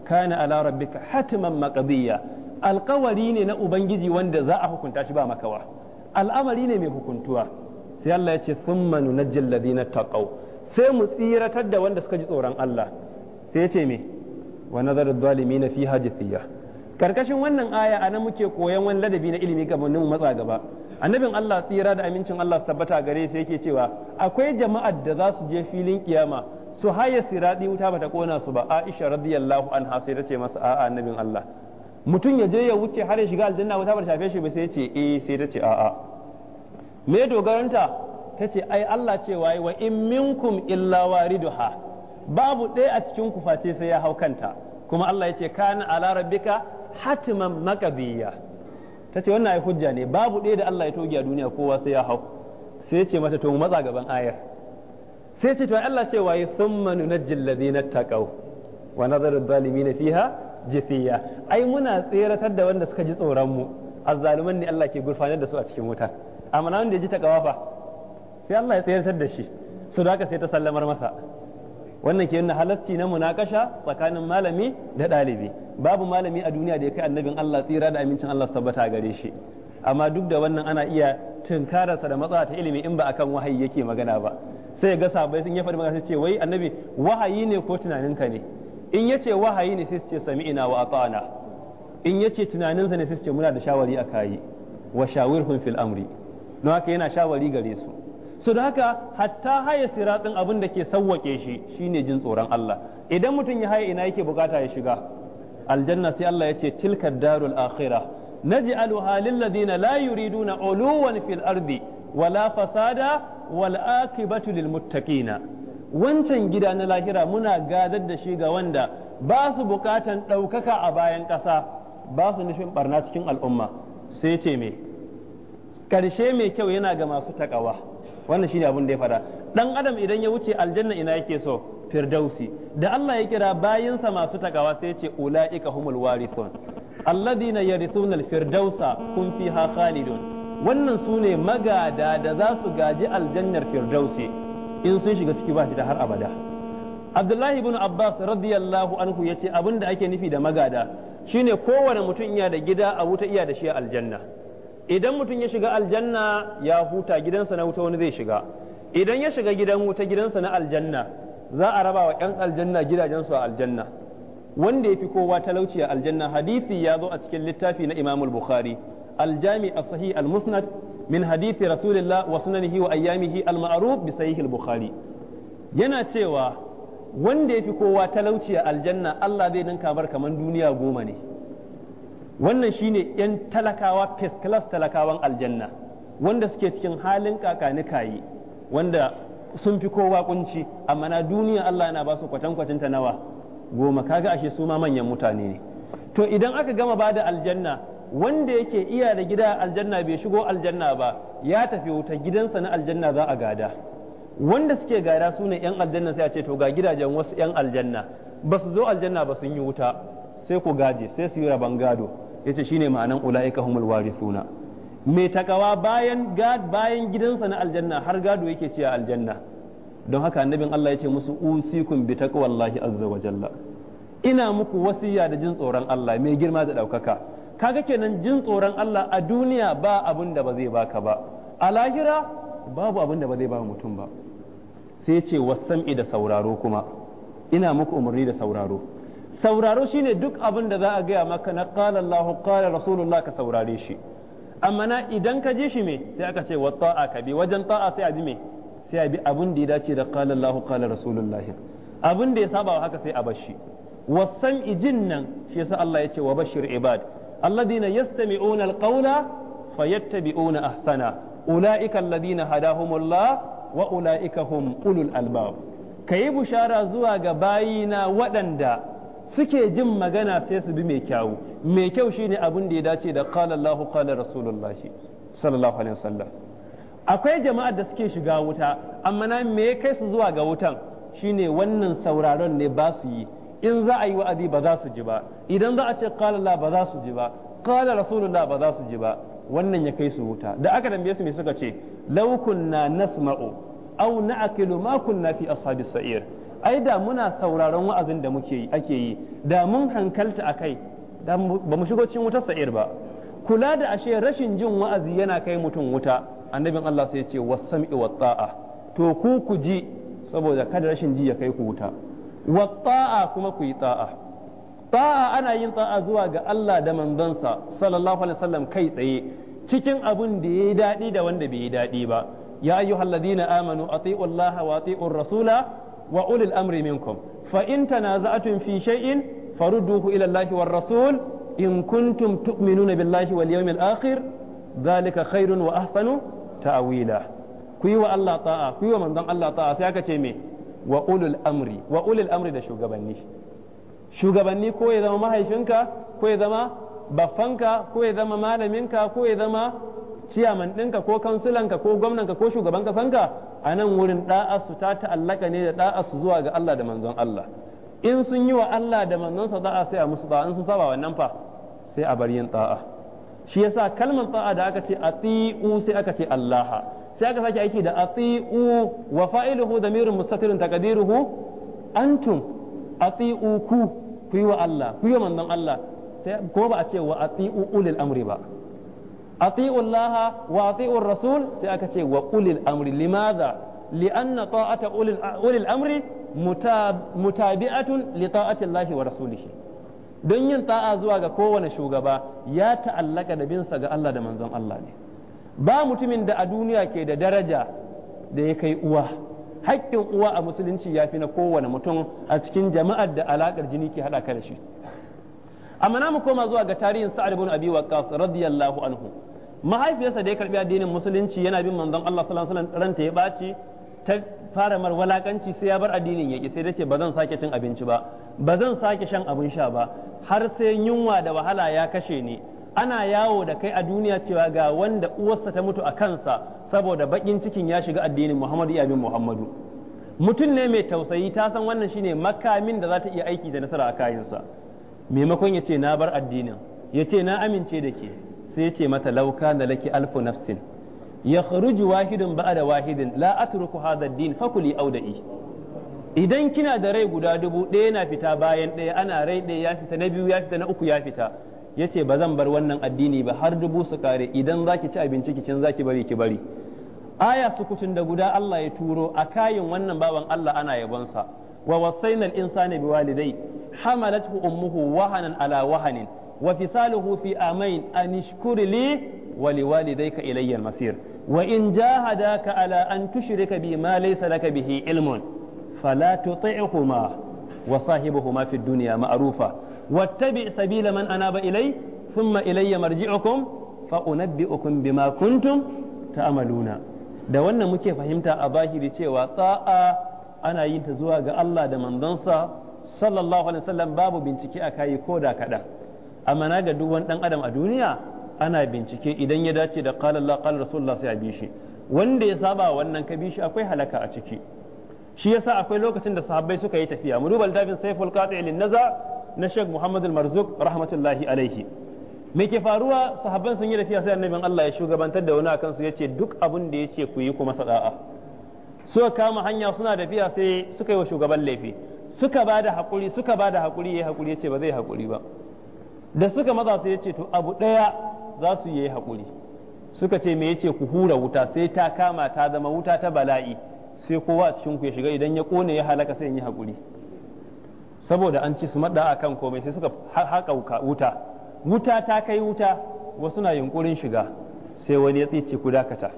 kana ala rabbika hatman maqdiya alkawari ne na ubangiji wanda za a hukunta shi ba makawa al'amari ne mai hukuntuwa sai Allah ya ce thumma nunajjil ladina taqaw sai mu tsiratar da wanda suka ji tsoron Allah sai ya ce me wa nazarud zalimin fi jithiya karkashin wannan aya a anan muke koyan wani ladabi na ilimi ga mu matsa gaba annabin Allah tsira da amincin Allah su tabbata gare shi yake cewa akwai jama'ar da za su je filin kiyama su haye siradi wuta bata kona su ba Aisha radiyallahu anha sai ta ce masa a'a annabin Allah mutum ya je ya wuce har ya shiga aljanna wuta bar shafe shi ba sai ce eh sai ta ce a'a me dogaranta ta ce ai Allah ce waye wa in minkum illa wariduha babu ɗaya a cikin ku face sai ya hau kanta kuma Allah ya ce kana ala rabbika hatman maqdiya ta ce wannan ai hujja ne babu ɗaya da Allah ya toge a duniya kowa sai ya hau sai ya ce mata to mu matsa gaban ayar sai ce to Allah ce waye thumma nunajjil ladina taqaw wa nadharu adh-dhalimin fiha jifiya ai muna tseratar da wanda suka ji tsoron mu azzaluman ne Allah ke gurfanar da su a cikin wuta amma nan da ya ji ta kawafa sai Allah ya tseratar da shi su da sai ta sallamar masa wannan ke nuna halarci na munakasha tsakanin malami da ɗalibi babu malami a duniya da ya kai annabin Allah tsira da amincin Allah tabbata gare shi amma duk da wannan ana iya tunkararsa da matsala ta ilimi in ba akan wahayi yake magana ba sai ga sabai sun ya faɗi magana sai ce wai annabi wahayi ne ko tunaninka ne in yace wahayi ne sai su ce sami'na wa ata'na in yace tunaninsa ne sai su ce muna da shawari a kayi wa shawirhum fil amri don haka yana shawari gare su su da haka hatta haya siratin abin da ke sawwake shi shine jin tsoron Allah idan mutum ya haya ina yake bukata ya shiga aljanna sai Allah ya ce tilka darul akhirah naj'aluha lil ladina la yuriduna uluwan fil ardi wala fasada wal aqibatu lil muttaqina wancan gida na lahira muna gadar da shi ga wanda ba su bukatan ɗaukaka a bayan ƙasa ba su nufin barna cikin al'umma sai ce me ƙarshe mai kyau yana ga masu takawa wannan ne abin da ya fada dan adam idan ya wuce aljanna ina yake so firdausi da Allah ya kira bayinsa masu takawa sai ya ce ulaika humul warithun alladhina yarithuna alfirdausa kun fiha khalidun wannan sune magada da za su gaji aljannar firdausi in sun shiga ciki ba da har abada abdullahi ibn abbas radiyallahu anhu yace abin da ake nufi da magada shine kowane mutum iya da gida a wuta iya da shi a aljanna idan mutum ya shiga aljanna ya huta gidansa na wuta wani zai shiga idan ya shiga gidan wuta gidansa na aljanna za a raba wa 'yan aljanna gidajensu a aljanna wanda ya fi kowa talauci a aljanna hadisi ya zo a cikin littafi na imamul bukhari aljami as-sahih al-musnad min hadithi rasulillah wa sunanihi wa ayyamihi al-ma'ruf bi bukhari yana cewa wanda yafi kowa talauci a aljanna Allah zai ninka bar kaman duniya goma ne wannan shine yan talakawa first class talakawan aljanna wanda suke cikin halin kakani kayi wanda sun fi kowa kunci amma na duniya Allah yana ba su ta nawa goma kaga ashe su ma manyan mutane ne to idan aka gama ba da aljanna wanda yake iya da gida aljanna bai shigo aljanna ba ya tafi wuta gidansa na aljanna za a gada wanda suke gada su ne yan aljanna sai a ce to ga gidajen wasu yan aljanna ba su zo aljanna ba sun yi wuta sai ku gaje sai su yi rabon gado yace shine ma'anan ulaika humul warithuna mai takawa bayan gad bayan gidansa na aljanna har gado yake ci a aljanna don haka annabin Allah ya ce musu usikum bi taqwallahi azza wa jalla ina muku wasiya da jin tsoron Allah mai girma da daukaka kaga kenan jin tsoron Allah a duniya ba abin da ba zai baka ba a lahira babu abin da ba zai ba mutum ba sai ce wasam'i da sauraro kuma ina muku umarni da sauraro sauraro shine duk abin da za a gaya maka na qala Allah qala rasulullah ka saurare shi amma na idan ka je shi me sai aka ce wa ka bi wajen ta'a sai a bi me sai a bi abin da ya dace da qala Allah qala rasulullah abin da ya saba haka sai a bar shi wasan ijin nan shi yasa Allah ya ce wa bashir ibad alladhina yastami'una alqawla fayattabi'una ahsana ulaika alladhina hadahumullah wa ulaika hum ulul albab kayi bushara zuwa ga bayina waɗanda suke jin magana sai su bi mai kyau mai kyau shine abin da ya dace da qala Allahu qala rasulullah sallallahu alaihi wasallam akwai jama'ar da suke shiga wuta amma na me kai su zuwa ga wutan shine wannan sauraron ne ba su yi in za a yi wa'azi ba za su ji ba idan za a ce qala la ba za su ji ba qala rasulullah ba za su ji ba wannan ya kai su wuta da aka tambaye su me suka ce law kunna nasma'u aw na'qilu ma kunna fi ashabis sa'ir ai da muna sauraron wa'azin da muke yi ake yi da mun hankalta akai da ba mu shigo cikin wutar sa'ir ba kula da ashe rashin jin wa'azi yana kai mutum wuta annabin Allah sai ya ce was-sam'i to ku ku ji saboda kada rashin ji ya kai ku wuta wa ta'a kuma kuyi yi ta'a ana yin ta'a zuwa ga Allah da manzansa sallallahu alaihi wasallam kai tsaye cikin abun da yayi dadi da wanda bai yi dadi ba ya ayyuhal ladina amanu ati'u Allah wa ati'ur rasula wa ulil amri minkum fa in tanaza'tum fi shay'in farudduhu ila Allah wa rasul in kuntum tu'minuna billahi wal yawmil akhir dhalika khairun wa ahsanu ta'wila ku yi wa Allah ta'a ku yi wa manzon Allah ta'a sai aka ce me wa ulul amri wa ulul amri da shugabanni shugabanni ko ya zama mahaifinka ko ya zama baffanka ko ya zama malaminka ko ya zama ciyaman ɗinka ko kansilanka ko gwamnanka ko shugaban kasanka a nan wurin da'asu ta ta'allaka ne da su zuwa ga Allah da manzon Allah in sun yi wa Allah da manzonsa da'a sai a musu da'a in sun saba wannan fa sai a bar yin da'a shi yasa kalmar da'a da aka ce ati'u sai aka ce Allaha sai aka sake aiki da ati'u wa fa'iluhu damirun mustatirin taqdiruhu antum ati'u ku ku yi wa Allah ku yi manzon Allah sai ko ba a ce wa ati'u ulil amri ba ati'u Allah wa ati'u rasul sai aka ce wa ulil amri limadha anna ta'ata ulil ulil amri mutabi'atun li ta'ati Allah wa rasulihi don yin ta'a zuwa ga kowane shugaba ya ta'allaka da binsa ga Allah da manzon Allah ne ba mutumin da a duniya ke da daraja da ya kai uwa haƙƙin uwa a musulunci ya fi na kowane mutum a cikin jama'ar da alaƙar jini ke haɗa ka da shi amma na mu koma zuwa ga tarihin sa'ad ibn abi waqqas radiyallahu anhu mahaifiyarsa da ya karbi addinin musulunci yana bin manzon Allah sallallahu alaihi wasallam ranta ya baci ta fara mar walakanci sai ya bar addinin yaki sai dace ba zan sake cin abinci ba bazan sake shan abin sha ba har sai yunwa da wahala ya kashe ni ana yawo da kai a duniya cewa ga wanda uwarsa ta mutu a kansa saboda bakin cikin ya shiga addinin Muhammadu ya Muhammadu mutum ne mai tausayi ta san wannan shine makamin da za ta iya aiki da nasara a kayansa maimakon ya ce na bar addinin ya ce na amince da ke sai ya ce mata lauka da laki alfu nafsin ya wahidin ba'a da wahidin la atruku hadha din fakuli auda'i idan kina da rai guda dubu ɗaya na fita bayan ɗaya ana rai ɗaya ya fita na biyu ya fita na uku ya fita yace ba zan bar wannan addini ba har dubu su kare idan zaki ci abinci ki cin zaki bari ki bari aya sukutun da guda Allah ya turo a kayin wannan bawan Allah ana yabonsa wa wasaina al-insana biwalidai hamalathu ummuhu wahanan ala wahanin wa fisaluhu fi amain an ishkuri li wa liwalidayka ilayya al-masir wa in jahadaka ala an tushrika bi ma laysa laka bihi ilmun fala tuti'huma wa sahibuhuma fi dunya ma'rufa wattabi sabila man ba ilai thumma ilayya marji'ukum fa unabbi'ukum bima ta ta'maluna da wannan muke fahimta a bahiri cewa tsa'a ana yin ta zuwa ga Allah da manzonsa sallallahu alaihi wasallam babu bincike a kai ko da kaɗan amma na ga duk wani dan adam a duniya ana bincike idan ya dace da qala Allah qala rasulullah sai a bi shi wanda ya saba wannan ka bi shi akwai halaka a ciki shi yasa akwai lokacin da sahabbai suka yi tafiya mu duba littafin saiful qati'il naza na Sheikh Muhammad al-Marzuq rahmatullahi alaihi me ke faruwa sahabban sun yi tafiya sai annabin Allah ya shugabantar da wani akan su yace duk abin da yace ku yi kuma sada'a suka kama hanya suna tafiya sai suka yi wa shugaban laifi suka ba da hakuri suka ba da hakuri yayi hakuri yace ba zai hakuri ba da suka maza sai yace to abu daya za su yi hakuri suka ce me yace ku hura wuta sai ta kama ta zama wuta ta bala'i sai kowa a cikin ku ya shiga idan ya kone ya halaka sai in yi hakuri saboda an ci su madda kan komai sai suka haƙa wuta wuta ta kai wuta wasu na yunkurin shiga sai wani ya tsice ku dakata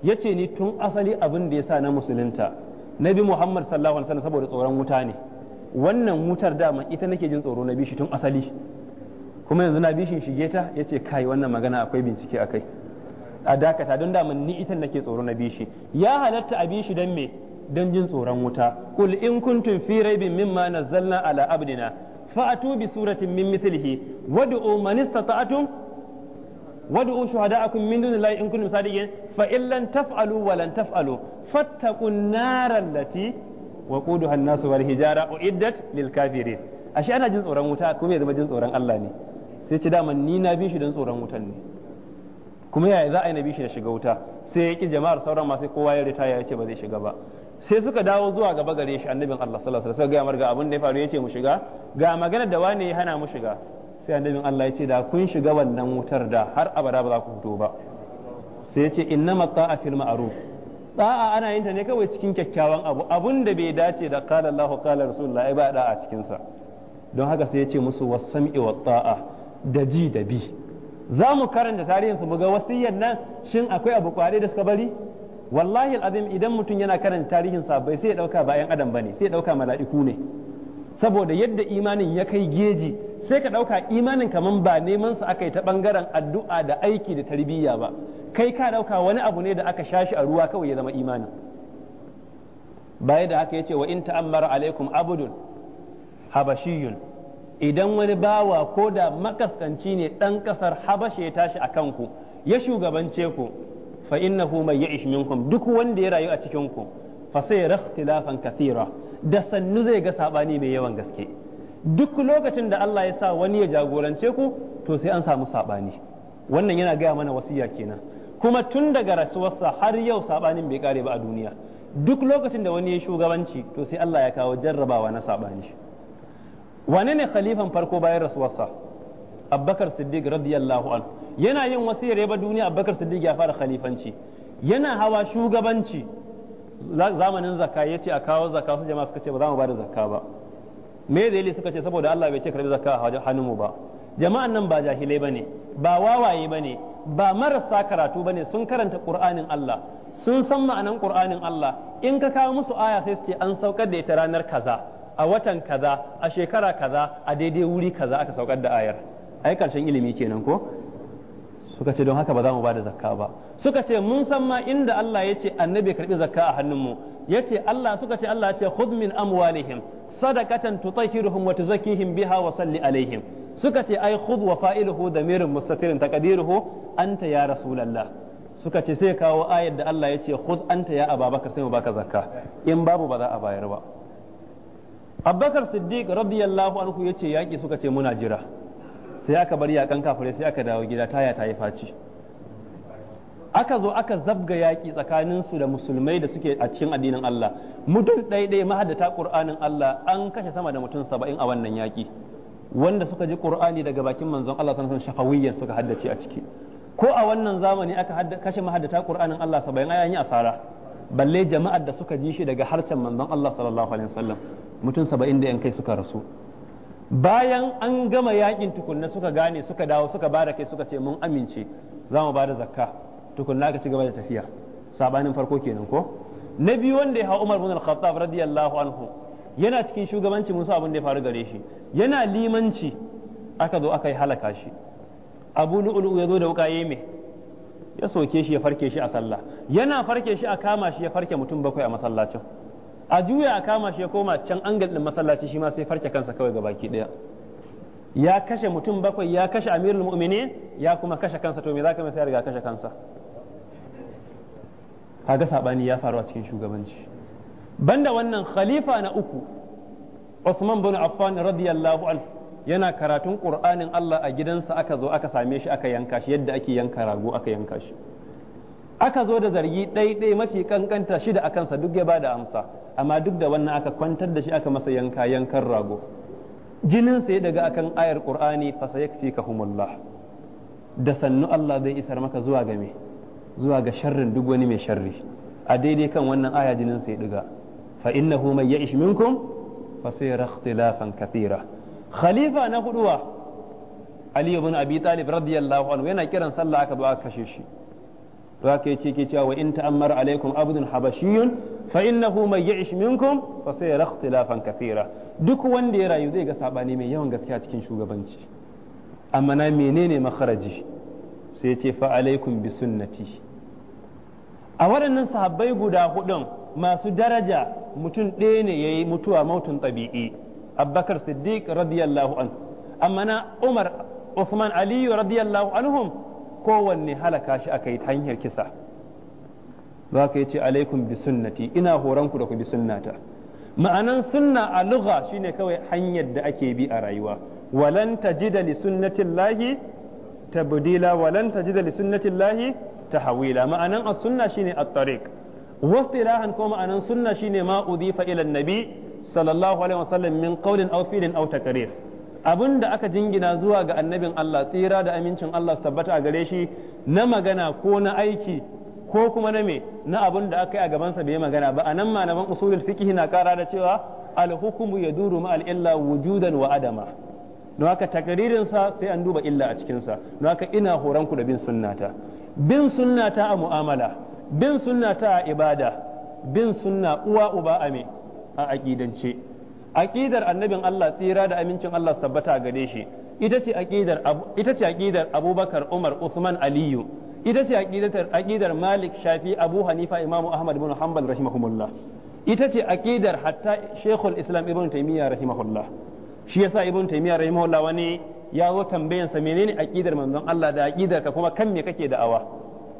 ya ce ni tun asali abin da ya sa na musulunta bi muhammad sallallahu alaihi saboda tsoron wuta ne wannan wutar dama ita nake jin tsoro na bishi tun asali kuma yanzu na bishin shige ta ya ce kai wannan magana akwai bincike akai a dakata don dama ni ita nake tsoro na bishi ya halatta a bishi don me don jin tsoron wuta kul in kuntum fi raibin mimma nazzalna ala abdina fa'atu bi suratin min mithlihi wad'u man istata'tum wad'u shuhada'akum min dunillahi in kuntum sadiqin fa illan taf'alu wa lan taf'alu fattaqun naral lati waquduha an nasu wal hijara uiddat lil kafirin ashe ana jin tsoron wuta kuma ya zama jin tsoron Allah ne sai ce daman ni na bi shi don tsoron wutan ne kuma yaya za a yi na bi shi da shiga wuta sai ya ki jama'ar sauran masu kowa ya ritaya ya ce ba zai shiga ba sai suka dawo zuwa gaba gare shi annabin Allah sallallahu alaihi wasallam ga abin da ya faru yace mu shiga ga magana da wane ya hana mu shiga sai annabin Allah ya ce da kun shiga wannan wutar da har abada ba za ku fito ba sai ya ce innama ta'a fil ma'ruf ta'a ana yin ta ne kawai cikin kyakkyawan abu abun da bai dace da qala Allahu qala rasulullah ai ba a cikin sa don haka sai ya ce musu wasami wa taa da ji da bi za mu karanta tarihin su mu ga wasiyyan nan shin akwai abu kware da suka bari wallahi al'adun idan mutum yana karanta tarihin sahabbai sai ya dauka bayan adam bane sai ya dauka mala'iku ne saboda yadda imanin ya kai geji sai ka dauka imanin kaman ba neman sa aka yi ta bangaren addu'a da aiki da tarbiyya ba kai ka dauka wani abu ne da aka sha shi a ruwa kawai ya zama imani. baya da haka yace wa in ta'ammara alaikum abudun habashiyun idan wani bawa ko da makaskanci ne dan kasar habashe ya tashi akan ku ya shugabance ku fa innahu may ya'ish minkum duk wanda ya rayu a cikin ku fa sai da sannu zai ga saɓani mai yawan gaske duk lokacin da Allah ya sa wani ya jagorance ku to sai an samu saɓani wannan yana gaya mana wasiya kenan kuma tun daga rasuwarsa har yau sabanin bai kare ba a duniya duk lokacin da wani ya shugabanci to sai Allah ya kawo jarrabawa na saɓani. wane ne khalifan farko bayan rasuwarsa abbakar siddiq radiyallahu anhu yana yin wasu yaba duniya abubakar siddiq ya fara khalifanci yana hawa shugabanci zamanin zakka ya ce a kawo zakka su jama'a suka ce ba za mu bada zakka ba me dalili suka ce saboda Allah bai ce karbi zakka a hannunmu ba jama'an nan ba jahilai bane ba wawaye bane ba marasa karatu ba ne sun karanta qur'anin Allah sun san ma'anan ƙur'anin Allah in ka kawo musu aya sai su ce an saukar da ita ranar kaza a watan kaza a shekara kaza a daidai wuri kaza aka saukar da ayar ai karshen ilimi kenan ko suka ce don haka ba za mu bada zakka ba suka ce mun san ma inda Allah ya ce annabi karbi zakka a hannunmu ya ce Allah suka ce Allah ya ce khudh min amwalihim sadaqatan tutahhiruhum wa tuzakkihim biha wa salli alaihim suka ce ai khudh wa fa'iluhu damirun mustatirin taqdiruhu anta ya rasulullah suka ce sai kawo ayar da Allah ya ce khudh anta ya ababakar sai mu baka zakka in babu ba za a bayar ba Abubakar Siddiq radiyallahu anhu yace yaki suka ce muna jira sai aka bari yakan kafirai sai aka dawo gida taya ta yi faci aka zo aka zabga yaƙi tsakanin su da musulmai da suke a cikin addinin Allah mutum ɗaiɗai mahaddata ƙur'anin Allah an kashe sama da mutum saba'in a wannan yaƙi wanda suka ji ƙur'ani daga bakin manzon Allah sana alaihi wasallam suka haddace a ciki ko a wannan zamani aka kashe mahaddata ƙur'anin Allah saba'in ayayi yi asara balle jama'ar da suka ji shi daga harcen manzon Allah sallallahu alaihi wasallam mutum saba'in da yan kai suka rasu bayan an gama yakin tukunna suka gane suka dawo suka bada kai suka ce mun amince za mu bada zakka tukunna ka ci gaba da tafiya sabanin farko kenan ko na biyu wanda ya hau Umar bin Al-Khattab radiyallahu anhu yana cikin shugabanci musu abin da ya faru gare shi yana limanci aka zo aka yi halaka shi Abu Lu'lu ya zo da wuka yeme ya soke shi ya farke shi a sallah yana farke shi a kama shi ya farke mutum bakwai a masallacin a juya a kama shi ya koma can an din masallaci shi ma sai farke kansa kawai ga baki ɗaya. ya kashe mutum bakwai ya kashe amirul mu'mini ya kuma kashe kansa to me zaka mai sai riga kashe kansa kaga sabani ya faru a cikin shugabanci banda wannan khalifa na uku Uthman bin Affan radiyallahu anhu yana karatun Qur'anin Allah a gidansa aka zo aka same shi aka yanka shi yadda ake yanka rago aka yanka shi aka zo da zargi ɗaiɗai mafi kankanta shida a kansa duk ya bada amsa amma duk da wannan aka kwantar da shi aka masa yanka yankan rago jinin sai daga akan ayar qur'ani fa sayakfikahumullah da sannu Allah zai isar maka zuwa ga me zuwa ga sharrin duk wani mai sharri a daidai kan wannan aya jinin sai diga fa innahu man ya'ish minkum fa sayara ikhtilafan kathira khalifa na huduwa Ali ibn Abi Talib radiyallahu anhu yana kiran sallah aka ba kashe shi to aka yace ke cewa wa in ta'ammar alaikum abdun habashiyun fa innahu may ya'ish minkum fa sayara ikhtilafan kathira duk wanda ya rayu zai ga sabani mai yawan gaskiya cikin shugabanci amma na menene makharaji sai ce fa alaikum bi sunnati a waɗannan sahabbai guda hudun masu daraja mutum ɗaya ne yayi mutuwa mautun tabi'i abbakar siddiq radiyallahu an amma na umar Uthman Ali radiyallahu anhum kowanne halaka shi akai yi ta hanyar kisa Za ka ce alaikum bi sunnati ina ku da ku bi sunnata ma'anan sunna a lugha shine kawai hanyar da ake bi a rayuwa walan tajida li sunnatillahi tabdila walan tajida li sunnatillahi tahwila ma'anan as-sunna shine at-tariq واصطلاحا كما أن السنة شين ma أضيف إلى النبي صلى Sallallahu alaihi وسلم من قول أو فعل أو تكرير abin da aka jingina zuwa ga annabin Allah tsira da amincin Allah su tabbata a gare shi na magana ko na aiki ko kuma na me na abin da aka yi a gabansa bai magana ba anan malaman usulul fiqh na kara da cewa al hukmu yaduru ma al illa wujudan wa adama don haka takaririn sa sai an duba illa a cikin sa don haka ina horan ku da bin sunnata bin sunnata a mu'amala bin sunnata a ibada bin sunna uwa uba a a aqidance aqidar annabin Allah tsira da amincin Allah tabbata gare shi ita ce aqidar ita ce aqidar Abubakar Umar Uthman Aliyu ita ce aqidar Malik Shafi Abu Hanifa Imam Ahmad bin Hanbal rahimahumullah ita ce aqidar hatta Sheikhul Islam Ibn Taymiyyah rahimahullah shi yasa Ibn Taymiyyah rahimahullah wani ya zo tambayan sa menene aqidar manzon Allah da aqidar ka kuma kan me kake da awa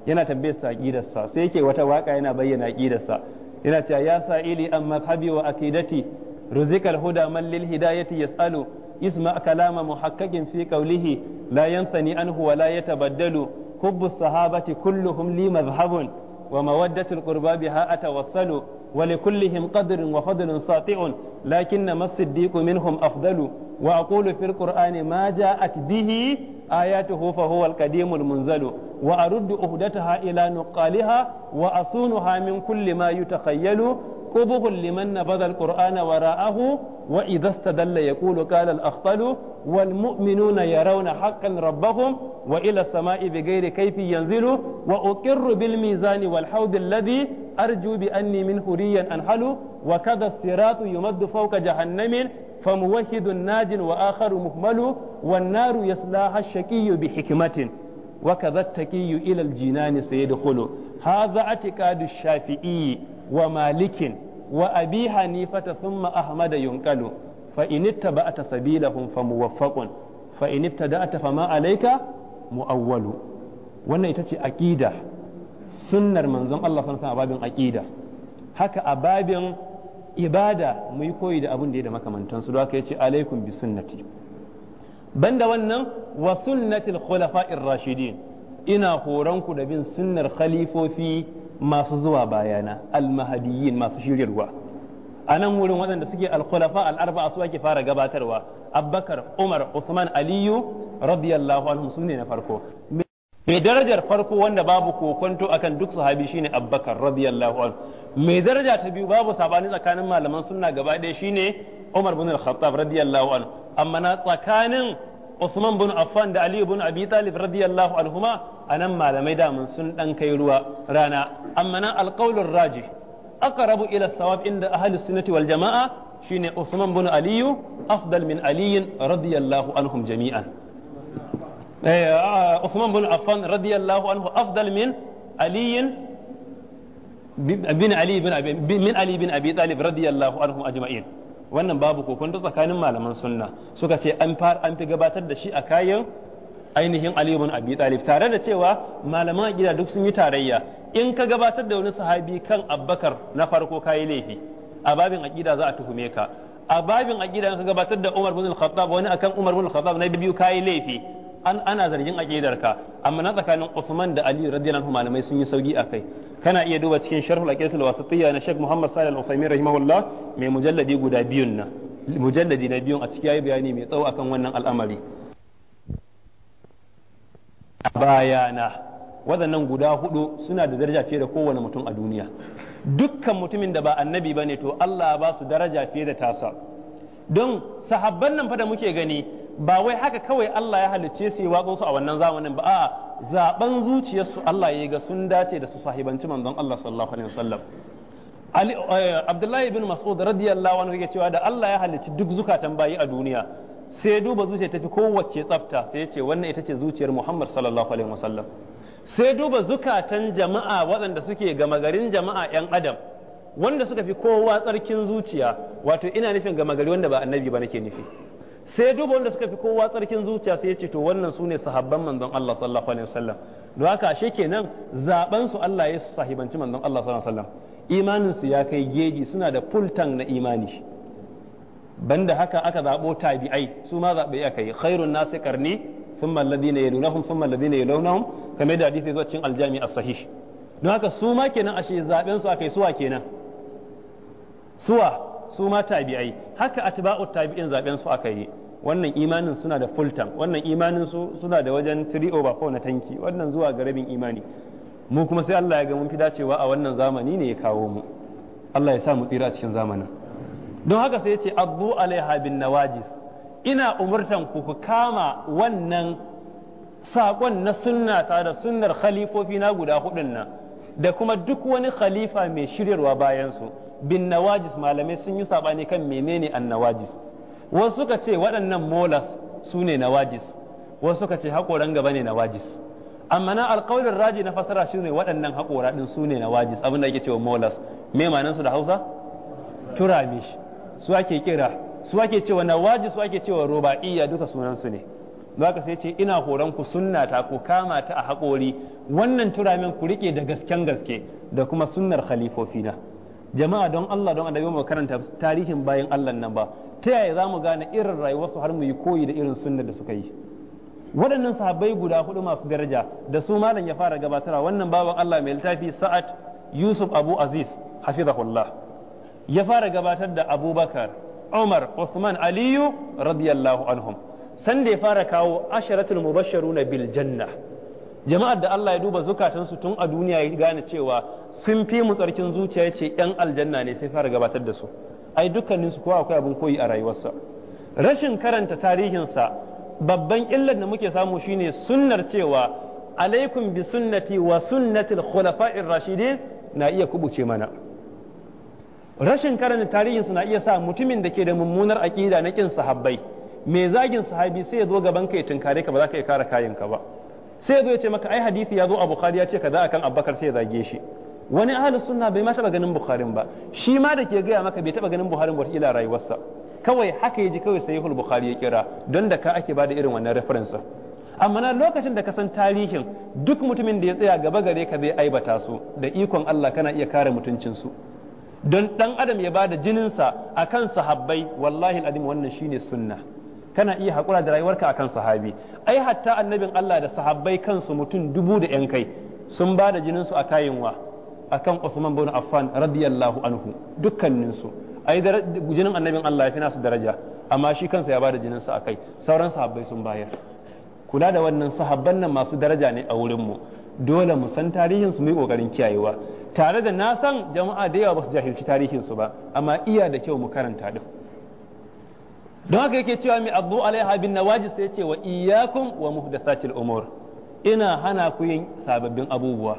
yana tambayar sa aqidar sa sai yake wata waka yana bayyana aqidar sa yana cewa ya ili an madhhabi wa aqidati ruzikal huda man lil hidayati yas'alu isma kalama muhakkakin fi qawlihi la yanthani anhu wa la yatabaddalu حب الصحابة كلهم لي مذهب ومودة القربى بها أتوصل ولكلهم قدر وفضل ساطع لكن ما الصديق منهم أفضل وأقول في القرآن ما جاءت به آياته فهو القديم المنزل وأرد أهدتها إلى نقالها وأصونها من كل ما يتخيل كبه لمن نبذ القرآن وراءه وإذا استدل يقول قال الأخطل والمؤمنون يرون حقا ربهم وإلى السماء بغير كيف ينزل وأقر بالميزان والحوض الذي أرجو بأني منه ريا أنحل وكذا الصراط يمد فوق جهنم فموحد ناج وآخر مهمل والنار يسلاها الشكي بحكمة وكذا التكي إلى الجنان سيدخل هذا اعتقاد الشافعي wa malikin wa abi hanifata thumma ahmada yunqalu fa in ittaba'ta sabilahum fa muwaffaqun fa wannan ita ce aƙida. sunnar manzon Allah sallallahu a babin haka a babin ibada mu yi koyi da abin da ya da makamantansu don haka ce alaikum bi sunnati banda wannan wa sunnatil khulafa'ir rashidin ina horon ku da bin sunnar khalifofi masu zuwa bayana almahadiyin masu shiryarwa a nan wurin waɗanda suke alkulafa al'arba su ake fara gabatarwa abbakar umar usman aliyu radiyallahu anhu su ne na farko mai darajar farko wanda babu kokonto akan duk sahabi shine abbakar radiyallahu anhu mai daraja ta biyu babu sabani tsakanin malaman sunna gaba ɗaya shine umar bin al-khattab radiyallahu anhu amma na tsakanin usman bin affan da aliyu bin abi talib radiyallahu anhuma anan malamai damun sun dan kai ruwa rana amma nan alqaulur aka rabu ila sawab inda ahli sunnati wal jamaa shine Usman bin Aliyu afdal min Ali radiyallahu anhum jami'an eh, Usman bin Affan radiyallahu anhu afdal min Ali bin Ali bin Abi min Ali bin Abi Talib radiyallahu anhum ajma'in wannan babu kokonto tsakanin malaman sunna suka ce an fi gabatar da shi a kayan ainihin Ali ibn Abi Talib tare da cewa malaman aqida duk sun yi tarayya in ka gabatar da wani sahabi kan Abubakar na farko kai laifi a babin aqida za a tuhume ka a babin aqida ka gabatar da Umar ibn khattab wani akan Umar ibn khattab na biyu kai laifi ana zargin aqidar ka amma na tsakanin Usman da Ali radiyallahu anhu malamai sun yi sauki a kai kana iya duba cikin sharhul wasu wasatiyya na Sheikh Muhammad Salih Al-Uthaymeen rahimahullah mai mujalladi guda biyun na mujalladi na biyun a cikin yayi bayani mai tsawo akan wannan al'amari a bayana waɗannan guda hudu suna da daraja fiye da kowane mutum a duniya dukkan mutumin da ba annabi ba ne to Allah ba su daraja fiye da tasa don sahabban nan fa da muke gani ba wai haka kawai Allah ya halicce su yi waƙonsu a wannan zamanin ba a zaɓen zuciyarsu Allah ya yi ga sun dace da su sahibanci manzon Allah sallallahu alaihi wasallam eh, Abdullahi bin Mas'ud radiyallahu anhu yake cewa da Allah ya halicci duk zukatan bayi a duniya sai ya duba zuciya tafi kowace tsafta sai ya ce wannan ita ce zuciyar Muhammad sallallahu alaihi wasallam sai duba zukatan jama'a waɗanda suke gama garin jama'a 'yan adam wanda suka fi kowa tsarkin zuciya wato ina nufin gama gari wanda ba annabi ba nake nufi sai duba wanda suka fi kowa tsarkin zuciya sai ya ce to wannan su ne sahabban manzon Allah sallallahu alaihi wasallam don haka ashe kenan zaben su Allah ya sahibanci manzon Allah sallallahu alaihi wasallam imanin su ya kai geji suna da fultan na imani banda haka aka zabo tabi'ai su ma zabe aka yi khairun nasi karni thumma alladhina yalunahum thumma alladhina yalunahum kamar da hadisi zuwa cikin aljami as-sahih don haka su ma kenan ashe zaben su akai suwa kenan suwa su ma tabi'ai haka atba'u tabi'in zaben su aka yi wannan imanin suna da full tank wannan imanin su suna da wajen 3 over 4 na tanki wannan zuwa ga rabin imani mu kuma sai Allah ya ga mun fi dacewa a wannan zamani ne ya kawo mu Allah ya sa mu tsira cikin zamanin don haka sai ya ce abu alaiha bin nawajis ina umurtan ku ku kama wannan saƙon na sunna ta da sunnar khalifofi na guda hudun nan da kuma duk wani khalifa mai shiryarwa bayansu bin nawajis malamai sun yi saɓani kan menene an nawajis wasu suka ce waɗannan molas su ne nawajis wasu suka ce haƙoran gaba ne nawajis amma na alƙawarin raji na fasara shi ne waɗannan haƙora ɗin su ne nawajis abin da ake cewa molas me manansu su da hausa turamish su ake kira su ake cewa nawaji su ake cewa ruba'iyya duka sunansu ne zaka sai ce ina horon ku sunna ta ku kama ta a haƙori wannan turamin ku rike da gasken gaske da kuma sunnar khalifofi khalifofina jama'a don Allah don annabi mu karanta tarihin bayan Allah nan ba ta yaya za mu gane irin rayuwarsu har mu yi koyi da irin sunnar da suka yi waɗannan sahabbai guda hudu masu daraja da su malam ya fara gabatarwa wannan baban Allah mai littafi sa'ad Yusuf Abu Aziz hafizahullah ya fara gabatar da abubakar umar usman aliyu radiyallahu anhum sanda ya fara kawo asharatul na bil janna jama'ar da Allah ya duba zukatansu tun a duniya ya gane cewa sun fi mu tsarkin zuciya ya ce yan aljanna ne sai fara gabatar da su ai dukkaninsu kowa akwai abin koyi a rayuwarsa rashin karanta tarihinsa babban illar da muke samu shine sunnar cewa alaikum bi sunnati wa sunnatil khulafa'ir rashidin na iya kubuce mana rashin karanta tarihin suna iya sa mutumin da ke da mummunar aƙida na kin sahabbai mai zagin sahabi sai ya zo gaban ka ya tunkare ka ba za ka iya kare kayan ka ba sai ya zo ya ce maka ai hadisi ya zo a bukhari ya ce kaza akan abbakar sai ya zage shi wani ahlus sunna bai ma taba ganin bukharin ba shi ma da ke gaya maka bai taba ganin Bukharin ba ila rayuwarsa kawai haka ya ji kawai sai sahihul bukhari ya kira don da ka ake bada irin wannan reference amma na lokacin da ka san tarihin duk mutumin da ya tsaya gaba gare ka zai aibata su da ikon Allah kana iya kare mutuncin su don ɗan adam ya da jininsa a kan sahabbai wallahi al'adim wannan shine sunna kana iya haƙura da rayuwarka kan sahabi ai hatta annabin Allah da sahabbai kansu mutum dubu da yan kai sun bada jininsu a kayinwa kan Uthman bin Affan radiyallahu anhu dukkaninsu ai jinin annabin Allah ya fi nasu daraja amma shi kansa ya ba da bada a kai. sauran sahabbai sun bayar kula da wannan sahabban nan masu daraja ne a wurinmu dole mu san tarihinsu mu yi kokarin kiyayewa tare da na san jama'a da yawa ba su jahilci tarihinsu ba amma iya da kyau mu karanta din don haka yake cewa mai addu alaiha bin nawajis sai ce wa iyyakum wa muhdathatil umur ina hana ku yin sababbin abubuwa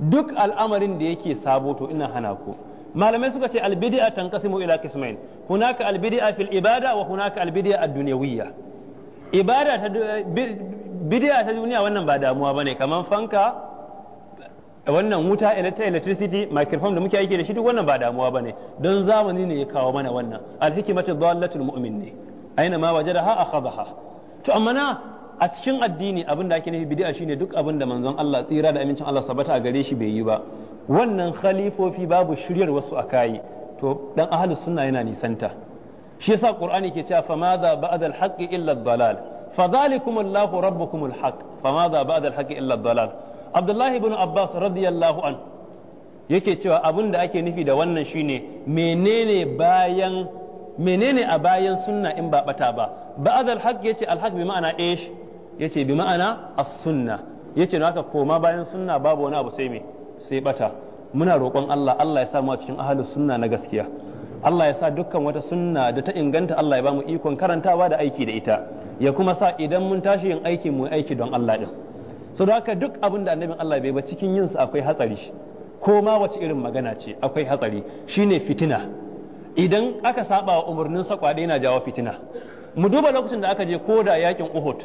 duk al'amarin da yake sabo to ina hana ku malamai suka ce albidi'a tanqasimu ila qismain hunaka albidi'a fil ibada wa hunaka albidi'a ad-dunyawiyya ibada ta bid'a ta duniya wannan ba damuwa bane kaman fanka wannan wuta ta electricity microphone da muke aiki da shi duk wannan ba damuwa bane don zamani ne ya kawo mana wannan alhikmatu dhallatul mu'min ne aina ma wajadaha akhadha to amma na a cikin addini abin da ake nufi bid'a shine duk abin da manzon Allah tsira da amincin Allah sabata a gare shi bai yi ba wannan khalifofi babu shiryar wasu kayi to dan ahlus sunna yana nisanta shi yasa qur'ani ke cewa fa madha ba'da al-haqqi illa ad-dalal fa dhalikum Allahu rabbukum al-haqq fa madha ba'da al-haqqi illa ad-dalal abdullahi ibn abbas radiyallahu an yake cewa abin da ake nufi da wannan shine menene bayan menene a bayan sunna in ba bata ba ba'd al-haq yace al-haq bi ma'ana ish eh, yace bi ma'ana as-sunna yace na haka koma bayan sunna babu wani abu sai me sai bata muna roƙon Allah Allah ya sa mu a cikin ahlus sunna na gaskiya Allah ya sa dukkan wata sunna da ta inganta Allah ya ba mu ikon karantawa da aiki da ita ya kuma sa idan mun tashi yin aiki mu aiki don Allah din sau haka duk abin da annabin Allah bai ba cikin yin su akwai hatsari ko ma wace irin magana ce akwai hatsari shine fitina idan aka saba wa umarnin sa yana jawo fitina mu duba lokacin da aka je ko da yakin Uhud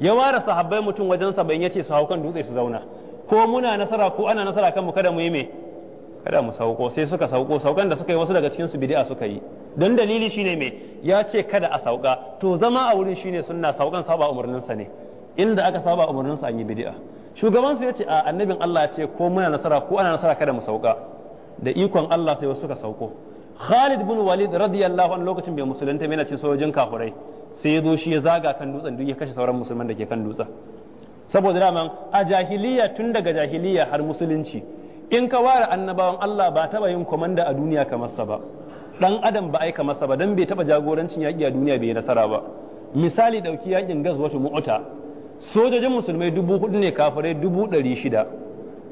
ya ware sahabbai mutum wajen ya yace su hau kan dutse su zauna ko muna nasara ko ana nasara kan mu kada mu yi me kada mu sauko sai suka sauko saukan da suka yi wasu daga cikin su bid'a suka yi don dalili shine me ya ce kada a sauka to zama a wurin shine sunna saukan saba umarnin sa ne inda aka saba umarnin sa an yi bid'a shugaban su yace a annabin Allah ya ce ko muna nasara ko ana nasara kada mu sauka da ikon Allah sai wasu suka sauko Khalid bin Walid radiyallahu anhu lokacin bai musulunta yana cin sojojin kafurai sai ya zo shi ya zaga kan dutsen duk ya kashe sauran musulman da ke kan dutsen saboda daman a jahiliya tun daga jahiliya har musulunci in ka ware annabawan Allah ba taba yin komanda a duniya kamar sa ba dan adam ba ai kamar sa ba dan bai taba jagorancin yaki a duniya bai nasara ba misali dauki yakin gazwatu mu'ta sojojin musulmai dubu hudu ne kafirai dubu ɗari shida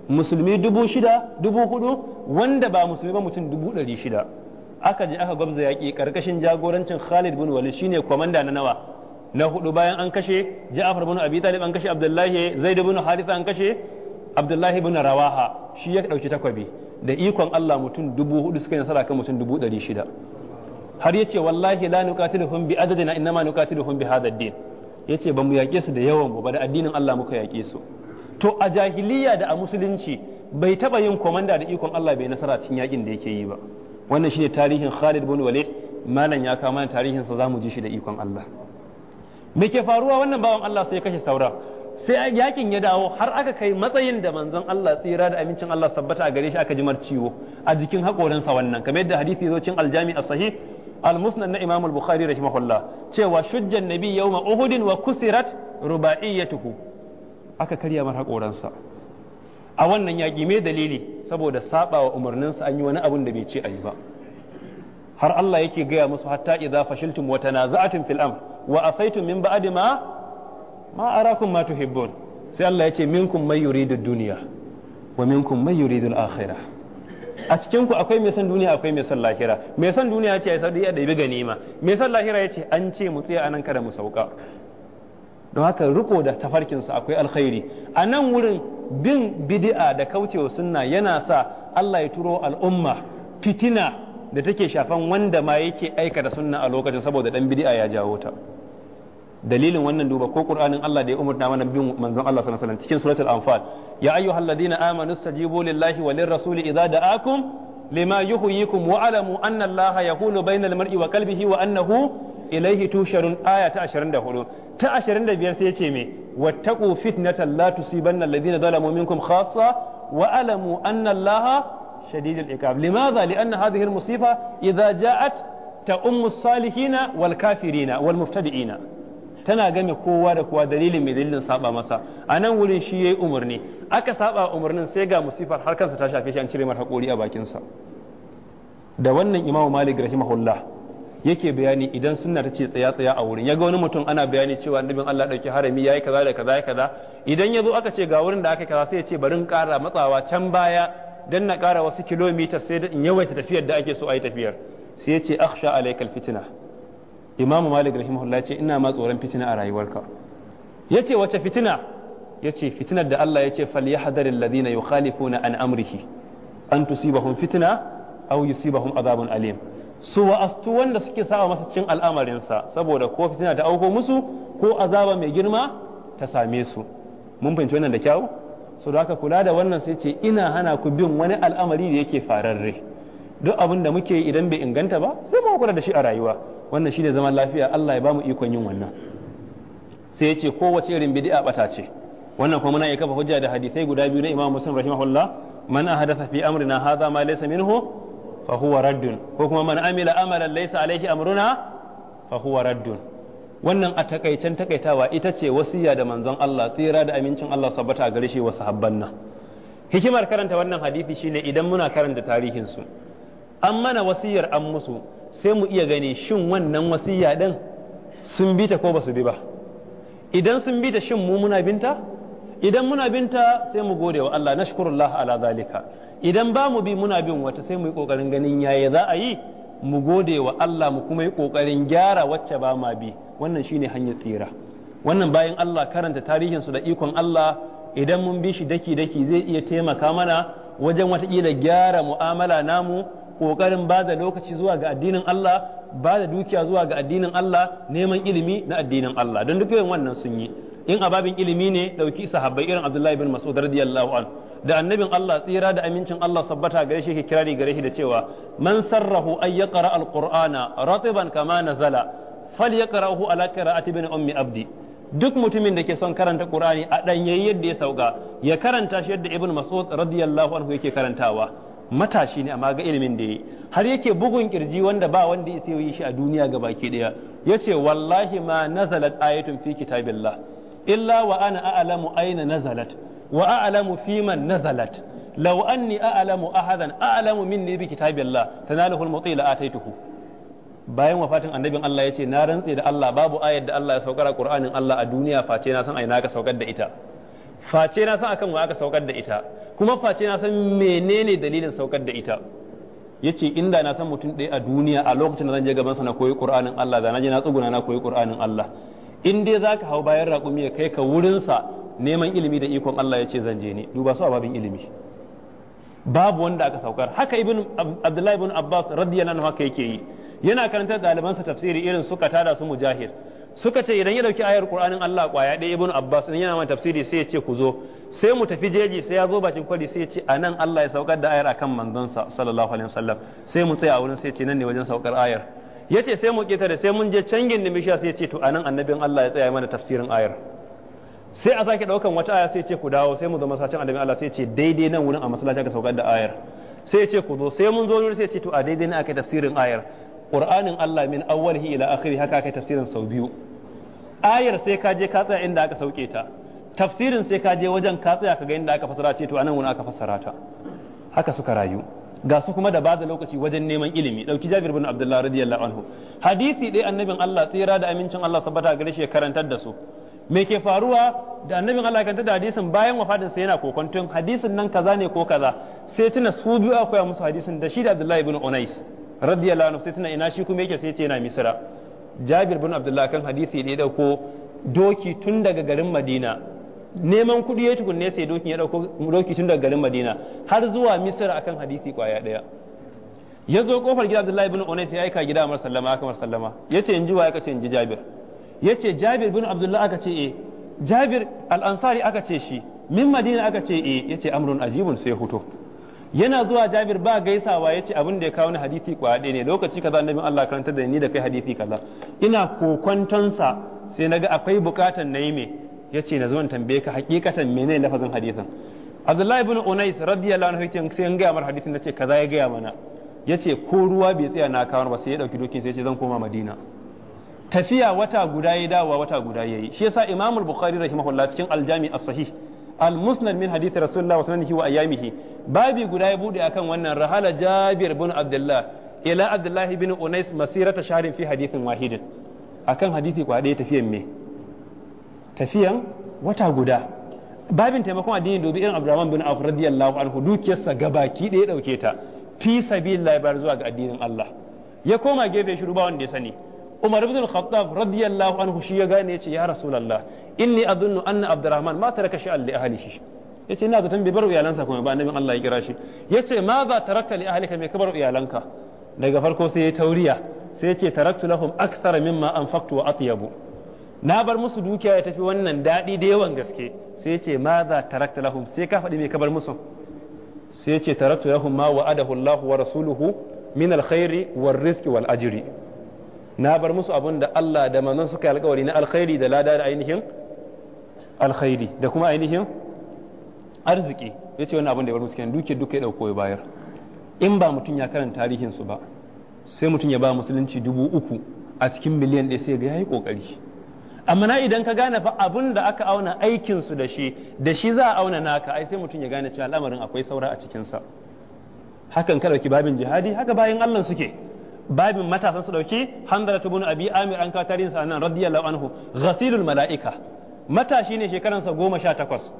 musulmi dubu shida dubu hudu wanda ba musulmi ba mutum dubu ɗari shida aka je aka gwabza yaƙi ƙarƙashin jagorancin Khalid bin Walid shine komanda na nawa na hudu bayan an kashe ja'afar bin Abi Talib an kashe Abdullahi Zaid bin Haritha an kashe Abdullahi bin Rawaha shi ya dauki takwabi da ikon Allah mutum dubu hudu suka yi nasara kan mutum dubu ɗari shida har yace wallahi la nuqatiluhum bi adadina innama nuqatiluhum bi hadha ad-din ya ba mu yaƙe su da yawan ba da addinin Allah muka yaƙe su to a jahiliya da a musulunci bai taɓa yin komanda da ikon Allah bai nasara cikin yaƙin da yake yi ba wannan shine tarihin Khalid bin Walid malam ya kama tarihin sa zamu ji shi da ikon Allah me ke faruwa wannan bawan Allah sai ya kashe saura sai yakin ya dawo har aka kai matsayin da manzon Allah tsira da amincin Allah sabbata a gare shi aka jimar ciwo a jikin haƙorinsa wannan kamar yadda hadisi zo cin aljami as-sahih Almusnan na Imamul Imam da bukhari rahimahullah cewa shujjan nabi yawma Uhud wa kusirat tuku. aka karya mar hakoransa a wannan yaki me dalili saboda sabawa umarninsa an yi wani abun da bai ce yi ba har Allah yake gaya musu hatta idza fashiltum wa tanaza'tum fil amr wa asaytum min ba'di ma ma arakum ma tuhibbun sai Allah ya ce minkum may yuridu dunya wa minkum may yuridu al-akhirah a cikin ku akwai mai son duniya akwai mai son lahira mai son duniya ya ce ai saudi ɗabi ganima mai son lahira ya ce an ce mu tsaya anan kada mu sauka don haka riko da tafarkinsa akwai alkhairi a nan wurin bin bid'a da kaucewa sunna yana sa Allah ya turo al'umma fitina da take shafan wanda ma yake aika da sunna a lokacin saboda dan bid'a ya jawo ta dalilin wannan duba ko qur'anin Allah da ya umurta mana bin manzon Allah sallallahu alaihi wasallam cikin suratul anfal ya ayyuhalladhina amanu istajibu lillahi wa lirrasuli da da'akum lima yuhyikum wa alamu anna Allah yahulu bainal mar'i wa qalbihi wa annahu ilayhi tusharun aya ta 24 ta 25 sai yace me wattaqu fitnatan la tusibanna alladhina zalamu minkum khassa wa alamu anna Allah shadidul iqab limadha li'anna hadhihi al-musiba idza ja'at ta ummu salihina wal kafirina wal mubtadi'ina tana game kowa da kowa dalilin mai dalilin saba masa a nan wurin shi ya yi umarni aka saba umarnin sai ga musifar har kansa ta shafe shi an cire mar a bakinsa da wannan imamu malik rahimahullah yake bayani idan sunna ta ce tsaya tsaya a wurin yaga wani mutum ana bayani cewa annabin Allah dauki harami yayi kaza da kaza kaza idan ya zo aka ce ga wurin da aka kaza sai ya ce barin ƙara matsawa can baya dan na ƙara wasu kilomita sai in yawaita tafiyar da ake so a yi tafiyar sai ya ce akhsha alaikal fitna imamu malik rahimahullah ce ina ma tsoron fitina a rayuwarka yace wace fitina yace fitinar da Allah ya ce yace falyahdharil ladina yukhalifuna an amrihi an tusibahum fitna aw yusibahum azabun alim su wa'astu wanda suke sawa masa cin al'amarinsa saboda ko fitina ta auko musu ko azaba mai girma ta same su mun fahimci wannan da kyau so da haka kula da wannan sai ce ina hana ku bin wani al'amari da yake fararre duk abin da muke idan bai inganta ba sai mu kula da shi a rayuwa wannan shine zaman lafiya Allah ya ba mu ikon yin wannan sai ya ce kowace irin bidi'a bata ce wannan kuma muna iya kafa hujja da hadisai guda biyu na Imam Muslim rahimahullah man ahdatha fi amrina hadha ma laysa minhu fa huwa raddun ko kuma man amila amalan laysa alaihi amruna fa huwa raddun wannan a takaicen takaitawa ita ce wasiya da manzon Allah tsira da amincin Allah sabbata a gare shi wa sahabban nan hikimar karanta wannan hadisi shine idan muna karanta tarihin su an mana wasiyar an musu sai mu iya gani shin wannan wasiya din sun bi ta ko ba su bi ba idan sun bi ta shin mu muna binta idan muna binta sai mu gode wa Allah nashkurullah ala zalika idan ba mu bi muna bin wata sai mu yi kokarin ganin yaya za a yi mu gode wa Allah mu kuma yi kokarin gyara wacce ba ma bi wannan shine hanyar tsira wannan bayan Allah karanta tarihin su da ikon Allah idan mun bi shi daki daki zai iya taimaka mana wajen watakila gyara mu'amala namu ƙoƙarin ba da lokaci zuwa ga addinin Allah ba da dukiya zuwa ga addinin Allah neman ilimi na addinin Allah don duk wannan sun yi in ababin ilimi ne ɗauki sahabbai irin Abdullahi bin Mas'ud radiyallahu an da annabin Allah tsira da amincin Allah sabbata gare shi ke kirari gare shi da cewa man sarrahu ay yaqra alqur'ana ratiban kama nazala falyaqrahu ala qira'ati bin ummi abdi duk mutumin da ke son karanta Qur'ani a ɗanyayi yadda ya sauka ya karanta shi yadda Ibn Mas'ud radiyallahu anhu yake karantawa matashi ne amma ga ilimin da yi. har yake bugun kirji wanda ba wanda isa yi shi a duniya ga baki daya yace wallahi ma nazalat ayatun fi kitabillah illa wa ana a'lamu aina nazalat wa a'lamu man nazalat law anni a'lamu ahadan a'lamu minni bi kitabillah tanaluhu la'a muti la ataituhu bayan wafatin annabin Allah ya ce na rantse da Allah babu ayar da Allah ya saukar a Qur'anin Allah a duniya face na san na ka saukar da ita face na san akan wa aka saukar da ita kuma face na san menene dalilin saukar da ita ya ce inda na san mutum ɗaya a duniya a lokacin da zan je gaban sa na koyi ƙur'anin Allah da na je na tsuguna na koyi ƙur'anin Allah in dai ka hau bayan raƙumi ya kai ka wurin sa neman ilimi da ikon Allah ya ce zan je ne duba su a babin ilimi babu wanda aka saukar haka ibn Abdullahi ibn Abbas radiyallahu anhu haka yake yi yana karantar sa tafsiri irin suka tada su mujahid suka ce idan ya dauki ayar ƙur'anin Allah kwaya ɗaya ibn Abbas idan yana mai tafsiri sai ya ce ku zo sai mu tafi jeji sai ya zo bakin kwari sai ya ce a nan Allah ya saukar da ayar akan manzonsa sallallahu alaihi wasallam sai mu tsaya a wurin sai ya ce nan ne wajen saukar ayar yace sai mu da sai mun je cangin da misha sai ya ce to anan annabin Allah ya tsaya mana tafsirin ayar sai a sake daukan wata aya sai ya ce ku dawo sai mu zo masallacin annabin Allah sai ya ce daidai nan wurin a masallacin ka saukar da ayar sai ya ce ku zo sai mun zo wurin sai ya ce to a daidai nan aka tafsirin ayar qur'anin Allah min awwalihi ila akhirih haka aka tafsirin sau biyu ayar sai ka je ka tsaya inda aka sauke ta tafsirin sai ka je wajen ka tsaya ka ga inda aka fasara ce to anan wani aka fasara ta haka suka rayu ga su kuma da bada lokaci wajen neman ilimi dauki Jabir bin Abdullah radiyallahu anhu hadisi dai annabin Allah tsira da amincin Allah sabata gare shi ya karantar da su me ke faruwa da annabin Allah kanta da hadisin bayan wafadin sa yana kokonton hadisin nan kaza ne ko kaza sai tuna su biyu a koya musu hadisin da shi da Abdullah ibn Unais radiyallahu anhu sai tuna ina shi kuma yake sai ce yana Misra Jabir bin Abdullah kan hadisi ne ko doki tun daga garin Madina neman kuɗi ya tukunne sai dokin ya dauko doki tun daga garin Madina har zuwa Misr akan hadisi kwaya ɗaya ya zo kofar gida Abdullahi ibn Unais ya aika gida Umar sallama aka Umar sallama yace in ji wa aka in ji Jabir yace Jabir ibn Abdullah aka ce eh Jabir al-Ansari aka ce shi min Madina aka ce eh yace amrun ajibun sai huto yana zuwa Jabir ba gaisawa yace abin da ya kawo ni hadisi kwaya ɗaya ne lokaci kaza annabi Allah karanta da ni da kai hadisi kaza ina kokonton sai naga akwai bukatan nayi me ya ce na zo tambaye ka hakikatan menene lafazin hadisin Abdullahi ibn Unais radiyallahu anhu yake sai an gaya mar hadisin nace kaza ya gaya mana yace ko ruwa bai tsaya na kawar ba sai ya dauki dokin sai ya ce zan koma Madina tafiya wata guda ya dawa wata guda yayi shi yasa Imam al-Bukhari rahimahullah cikin al-Jami as-Sahih al-Musnad min hadith Rasulullah wa sunanihi wa ayyamihi babi guda ya bude akan wannan rahala Jabir ibn Abdullah ila abdullahi ibn Unais masirata shahrin fi hadithin wahidin akan hadisi kwa ɗaya tafiyan me tafiyan wata guda babin taimakon addini dubi irin abdurrahman bin auf radiyallahu anhu dukiyarsa gabaki ɗaya ɗauke ta fi sabilillah ya zuwa ga addinin Allah ya koma gefe shiru ba wanda ya sani Umar ibn al-Khattab radiyallahu anhu shi ya gane yace ya Rasulullah inni adunnu anna Abdurrahman ma taraka sha'an li ahlihi yace ina zaton bai bar iyalansa kuma ba annabin Allah ya kira shi yace ma za tarakta li ahlika me ka bar iyalanka daga farko sai ya tauriya sai yace taraktu lahum akthara mimma anfaqtu wa atyabu na bar musu dukiya ya tafi wannan daɗi da yawan gaske sai ce ma za tarakta lahum sai ka faɗi me ka bar musu sai ce taraktu lahum ma adahu Allah wa rasuluhu min alkhairi war rizqi wal ajri na bar musu abin da Allah da manzon suka yi alƙawari na alkhairi da lada da ainihin alkhairi da kuma ainihin arziki Ya ce wannan abun da ya bar musu kenan dukiyar duka ya ɗauko ya bayar in ba mutum ya karanta tarihinsu ba sai mutum ya ba musulunci dubu uku a cikin miliyan ɗaya sai ga yi ƙoƙari. amma idan ka gane fa abin da aka auna aikin su da shi da shi za a auna naka ai sai mutum ya gane cewa al'amarin akwai saura a cikin sa hakan ka dauki babin jihadi haka bayan Allah suke babin matasan su dauki Hamzatu ibn Abi Amir an ka tarin sa nan radiyallahu anhu ghasilul malaika matashi ne shekaran goma sha takwas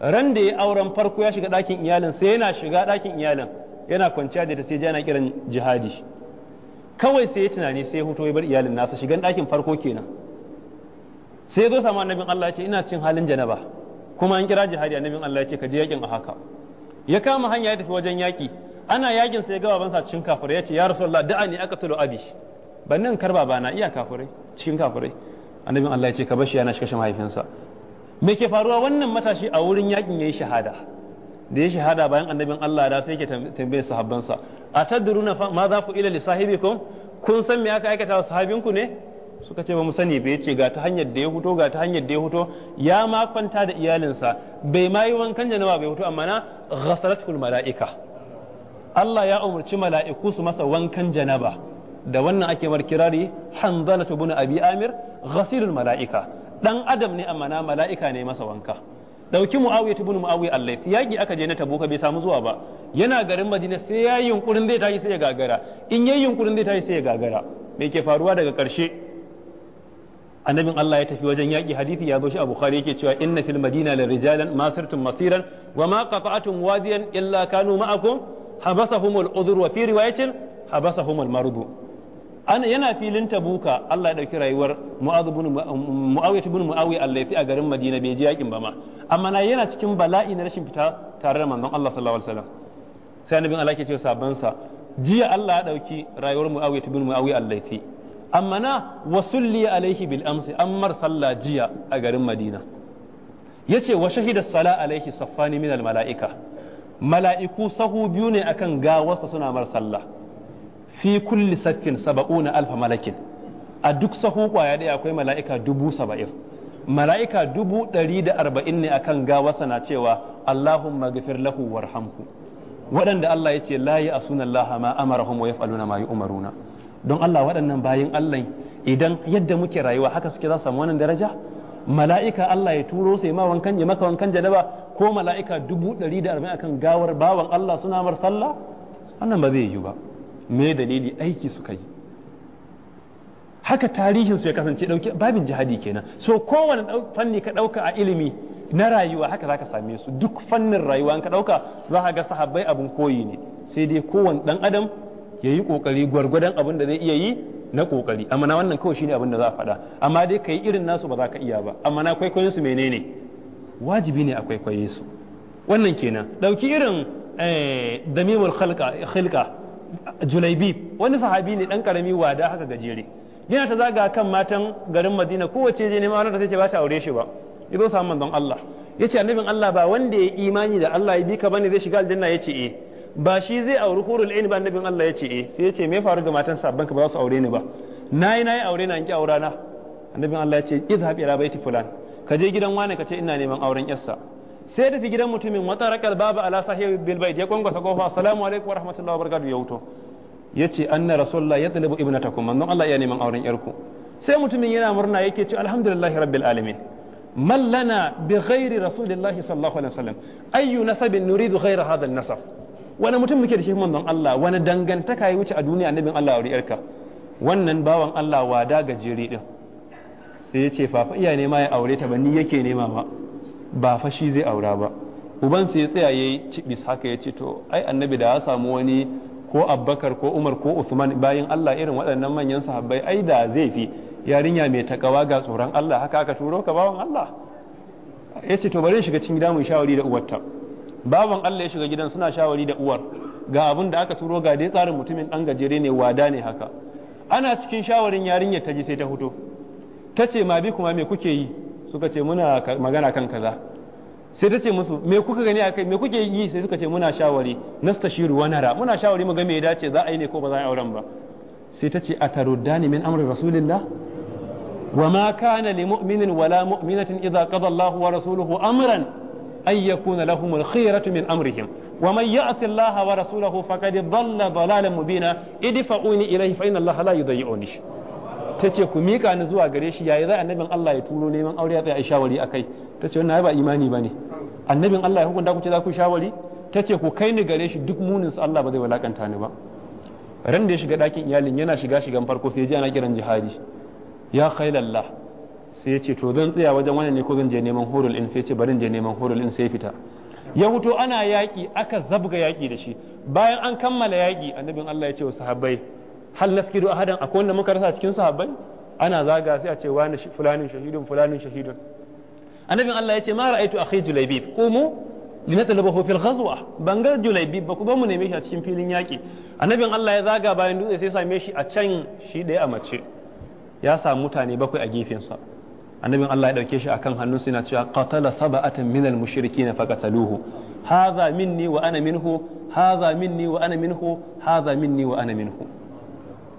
ran da ya auren farko ya shiga dakin iyalin sai yana shiga dakin iyalin yana kwanciya da ta sai yana kiran jihadi kawai sai ya tunani sai ya huto ya bar iyalin nasa shigan dakin farko kenan sai zo sama annabin Allah ya ce ina cin halin janaba kuma an kira jihadi annabin Allah ya ce ka je yakin a haka ya kama hanya ya tafi wajen yaki ana yakin sai ya ga babansa cin kafirai ya ce ya rasulullah da'a ni aqtulu abi bannin kar karba bana iya kafirai cikin kafirai annabin Allah ya ce ka bashi yana kashe mahaifinsa me ke faruwa wannan matashi a wurin yakin yayi shahada da ya shahada bayan annabin Allah da sai yake tambayar sahabbansa atadruna ma za ku ila li sahibikum kun san me aka aikata wa sahabinku ne suka ce ba mu sani bai ce ga ta hanyar da ya fito ga ta hanyar da ya fito ya ma kwanta da iyalinsa bai ma yi wankan janawa bai fito amma na ghasalatul mala'ika Allah ya umarci mala'iku su masa wankan janaba da wannan ake mar kirari hanzalatu bin abi amir ghasilul mala'ika dan adam ne amma na mala'ika ne masa wanka dauki muawiya ibn muawiya Allah yaki aka je na tabuka bai samu zuwa ba yana garin madina sai ya yunkurin zai tashi sai ya gagara in yayi yunkurin zai tashi sai ya gagara me ke faruwa daga karshe annabin Allah ya tafi wajen yaki hadisi ya zo shi a Bukhari yake cewa inna fil madina la rijalan masirtum masiran wa ma qata'tum wadiyan illa kanu ma'akum habasahumul udhur wa fi riwayatin habasahumul mardu an yana filin tabuka Allah ya dauki rayuwar mu'adh ibn mu'awiyah ibn mu'awiyah al fi a garin Madina bai ji yakin ba ma amma na yana cikin bala'i na rashin fita tare da manzon Allah sallallahu alaihi wasallam sai annabin Allah ke cewa sabansa jiya Allah ya dauki rayuwar mu'awiyah ibn mu'awiyah amma na wasulli alaihi bil amsi ammar sallah jiya a garin madina yace wa shahida sala alaihi saffani min al mala'ika mala'iku sahu biyu ne akan gawarsa suna mar sallah fi kulli saffin saba'una alfa malakin a duk sahu kwaya daya akwai mala'ika dubu saba'in mala'ika dubu ɗari da arba'in ne akan gawarsa na cewa Allahumma gafir lahu warhamhu waɗanda Allah ya ce la ya asuna Allah ma amarahum wa yaf'aluna ma yu'maruna don Allah waɗannan bayan Allah idan yadda muke rayuwa haka suke za samu wannan daraja mala'ika Allah ya turo sai ma wankan ya maka wankan janaba ko mala'ika dubu ɗari da arba'in akan gawar bawan Allah suna mar sallah wannan ba zai yiwu ba me dalili aiki suka yi haka tarihin su ya kasance dauke babin jihadi kenan so kowane fanni ka ɗauka a ilimi na rayuwa haka zaka same su duk fannin rayuwa ka ɗauka, za ka ga sahabbai abin koyi ne sai dai kowane dan adam ya yi kokari gwargwadon abin da zai iya yi na ƙoƙari amma na wannan kawai shine abin da za a faɗa amma dai ka yi irin nasu ba za ka iya ba amma na kwaikwayon su menene wajibi ne a kwaikwaye su wannan kenan ɗauki irin eh, damimul khilka julaibi wani sahabi ne ɗan karami wada haka gajere yana ta zaga kan matan garin madina kowace je neman wanda sai ce ba ta aure shi ba ya zo samu manzon Allah ya ce annabin Allah ba wanda ya imani da Allah ya bi ka bane zai shiga aljanna ya ce eh ba shi zai auri hurul ain ba annabin Allah ya ce eh sai ya ce me faru ga matan sabban ka ba za su aure ni ba nayi nayi aure na an ki aura na annabin Allah ya ce idhab ila baiti fulan ka je gidan wane ka ce ina neman auren yarsa sai tafi gidan mutumin wata rakal Baba ala sahibi bil bait ya kwangwasa kofa assalamu alaikum wa rahmatullahi wa barakatuh ya wuto yace anna rasulullah yatlubu ibnatakum manzon Allah ya neman auren yarku sai mutumin yana murna yake ce alhamdulillahi rabbil alamin Mallana bi ghairi rasulillahi sallallahu alaihi wasallam ayyu nasabin nuridu ghaira hadha an-nasab wani mutum muke da shi manzon Allah wani dangantaka ya wuce a duniya annabin Allah wa yarka wannan bawan Allah wada gajere din sai ya ce fafa iya nema ya aure ta ba ni yake nema ba ba fa shi zai aura ba uban sai ya tsaya yayi cibis haka ya ce to ai annabi da ya samu wani ko abbakar ko umar ko usman bayan Allah irin waɗannan manyan sahabbai ai da zai fi yarinya mai takawa ga tsoron Allah haka aka turo ka bawan Allah ya ce to bari shiga cikin gida mu shawari da uwarta baban Allah ya shiga gidan suna shawari da uwar ga abin da aka turo ga dai tsarin mutumin dan gajere ne wada ne haka ana cikin shawarin yarinya ta ji sai ta fito ta ce ma bi kuma me kuke yi suka ce muna magana kan kaza sai ta ce musu me kuka gani akai me kuke yi sai suka ce muna shawari nastashiru wa nara muna shawari mu ga me ya dace za a yi ne ko ba za a yi auren ba sai ta ce ataruddani min amri rasulillah wa ma kana li mu'minin wala mu'minatin idza qada Allahu wa rasuluhu amran ay yakuna lahumul khiyaratu min amrihim wa man ya'si Allah wa rasulahu faqad dhalla dhalalan mubina idfa'uni ilayhi fa inna Allah la yudayyi'uni tace ku mika ni zuwa gare shi yayi za annabin Allah ya turo neman aure ya tsaya ai shawari akai tace wannan ba imani bane annabin Allah ya hukunta ku ce za ku shawari tace ku kai ni gare shi duk munin sa Allah ba zai walakanta ni ba ran da ya shiga dakin iyalin yana shiga shigan farko sai ya ji ana kiran jihadi ya khailallah sai ya ce to zan tsaya wajen wannan ne ko zan je neman hurul in sai ce barin je neman hurul in sai fita ya huto ana yaƙi aka zabga yaƙi da shi bayan an kammala yaƙi annabin Allah ya ce wa sahabbai hal naskidu ahadan akwai wanda muka rasa cikin sahabbai ana zaga sai a ce wani fulanin shahidun fulanin shahidun annabin Allah ya ce ma ra'aitu akhi julaybib qumu linatlabahu fil ghazwa ban ga julaybib ba ku ba mu neme shi a cikin filin yaƙi annabin Allah ya zaga bayan dutse sai same shi a can shi da a mace ya samu mutane bakwai a gefensa annabin Allah ya dauke shi kan hannun yana cewa qatala sab'atan minal mushrikin faqataluhu hadha minni wa ana minhu hadha minni wa ana minhu hadha minni wa ana minhu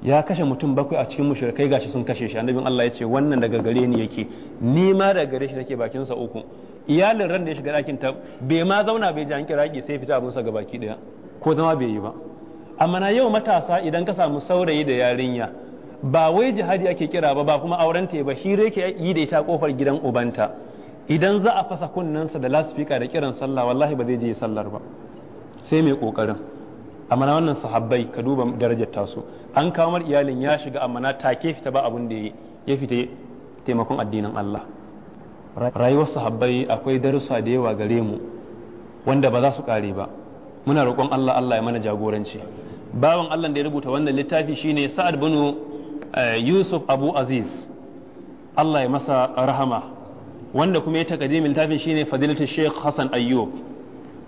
ya kashe mutum bakwai a cikin mushrikai gashi sun kashe shi annabin Allah ya ce wannan daga gare ni yake ni ma daga gare shi nake bakin sa uku iyalin ran da ya shiga ɗakin ta bai ma zauna bai ji an ki sai fita sa ga baki daya ko zama bai yi ba amma na yau matasa idan ka samu saurayi da yarinya ba wai jihadi ake kira ba ba kuma aurenta ba hira yake yi da ita kofar gidan ubanta idan za a fasa kunnensa da lasfika da kiran sallah wallahi ba zai je sallar ba sai mai kokarin amma wannan sahabbai ka duba darajar tasu an mar iyalin ya shiga amma na take fita ba abun da ya fita taimakon addinin Allah rayuwar sahabbai akwai darussa da yawa gare mu wanda ba za su kare ba muna roƙon Allah Allah ya mana jagoranci bawan Allah da ya rubuta wannan littafi shine Sa'ad bin Eh, Yusuf Abu Aziz Allah ya masa rahama wanda kuma ya takaddimin littafin shine fadilatul Sheikh Hassan Ayyub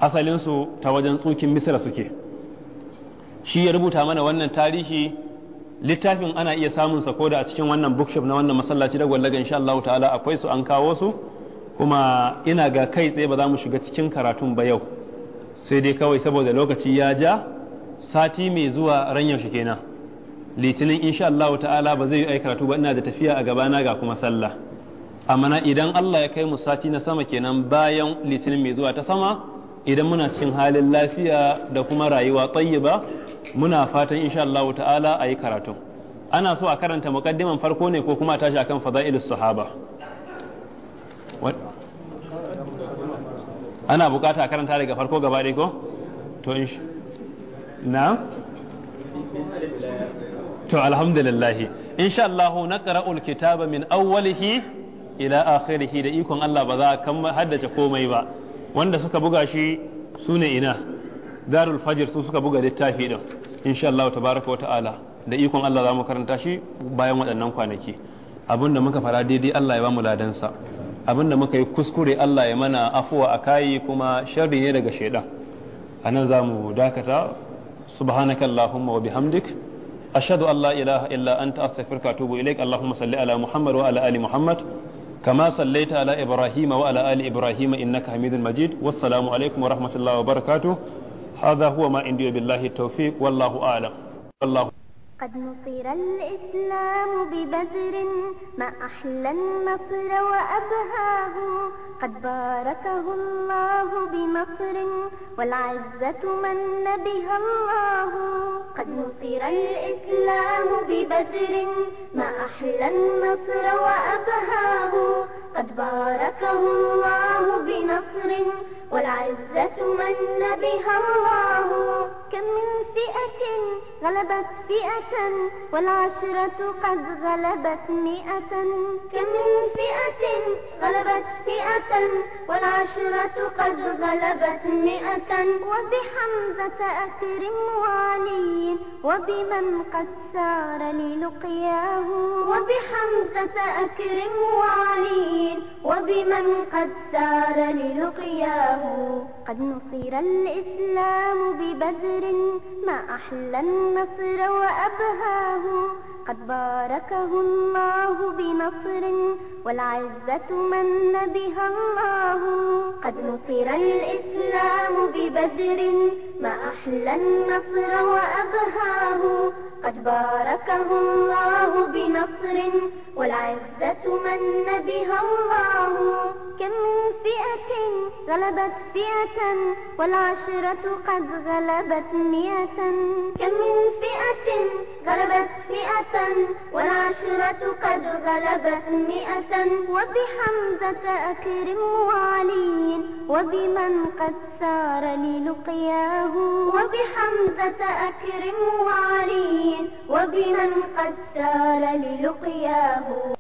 asalinsu ta wajen tsukin Misra suke shi ya rubuta mana wannan tarihi littafin ana iya samun sa koda a cikin wannan bookshop na wannan masallaci da gwallaga insha Allah ta'ala akwai su an kawo su kuma ina ga kai tsaye ba za mu shiga cikin karatun ba yau sai dai kawai saboda lokaci ya ja sati mai zuwa ran yaushe kenan litinin insha Allah ta'ala ba zai yi ai karatu ba ina da tafiya a gabana ga kuma sallah amma na idan Allah ya kai mu sati na sama kenan bayan litinin mai zuwa ta sama idan muna cikin halin lafiya da kuma rayuwa tayyiba muna fatan insha Allah ta'ala a yi karatu ana so a karanta muqaddiman farko ne ko kuma tashi akan fadailus sahaba ana bukata a karanta daga farko gaba ko to na to alhamdulillah insha Allah qara'ul kitaba min awwalihi ila akhirih da ikon Allah ba za a haddace komai ba wanda suka buga shi sune ina darul fajr su suka buga littafi din insha Allah tabaraka wa ta'ala da ikon Allah za mu karanta shi bayan waɗannan kwanaki abinda muka fara daidai Allah ya ba mu sa abinda muka yi kuskure Allah ya mana afuwa a kayi kuma sharri ne daga shaidan anan za mu dakata subhanakallahumma wa hamdik. ashhadu an la ilaha illa anta astaghfiruka wa atubu ilaik allahumma salli ala muhammad wa ala ali muhammad كما صليت على إبراهيم وعلى آل إبراهيم إنك حميد مجيد والسلام عليكم ورحمة الله وبركاته هذا هو ما عندي بالله التوفيق والله أعلم والله قد نصر الإسلام ببدر ما أحلى النصر وأبهاه قد باركه الله بنصر والعزة من بها الله قد نصر الإسلام ببدر ما أحلى النصر وأبهاه قد باركه الله بنصر والعزة من بها الله كم من فئة غلبت فئة والعشرة قد غلبت مئة كم من فئة غلبت فئة والعشرة قد غلبت مئة وبحمزة أكرم وعلي وبمن قد سار للقياه وبحمزة أكرم وعلي وبمن قد سار للقياه قد نصر الإسلام ببدر ما أحلى النصر وأبدر فهاهم قد باركه الله بنصر والعزة من بها الله قد نصر الإسلام ببدر ما أحلى النصر وأبهاه قد باركه الله بنصر والعزة من بها الله كم من فئة غلبت فئة والعشرة قد غلبت مئة كم من فئة غلبت فئة والعشرة قد غلبت مئة وبحمزة أكرم وعلي وبمن قد سار للقياه وبحمزة أكرم وعلي وبمن قد سار للقياه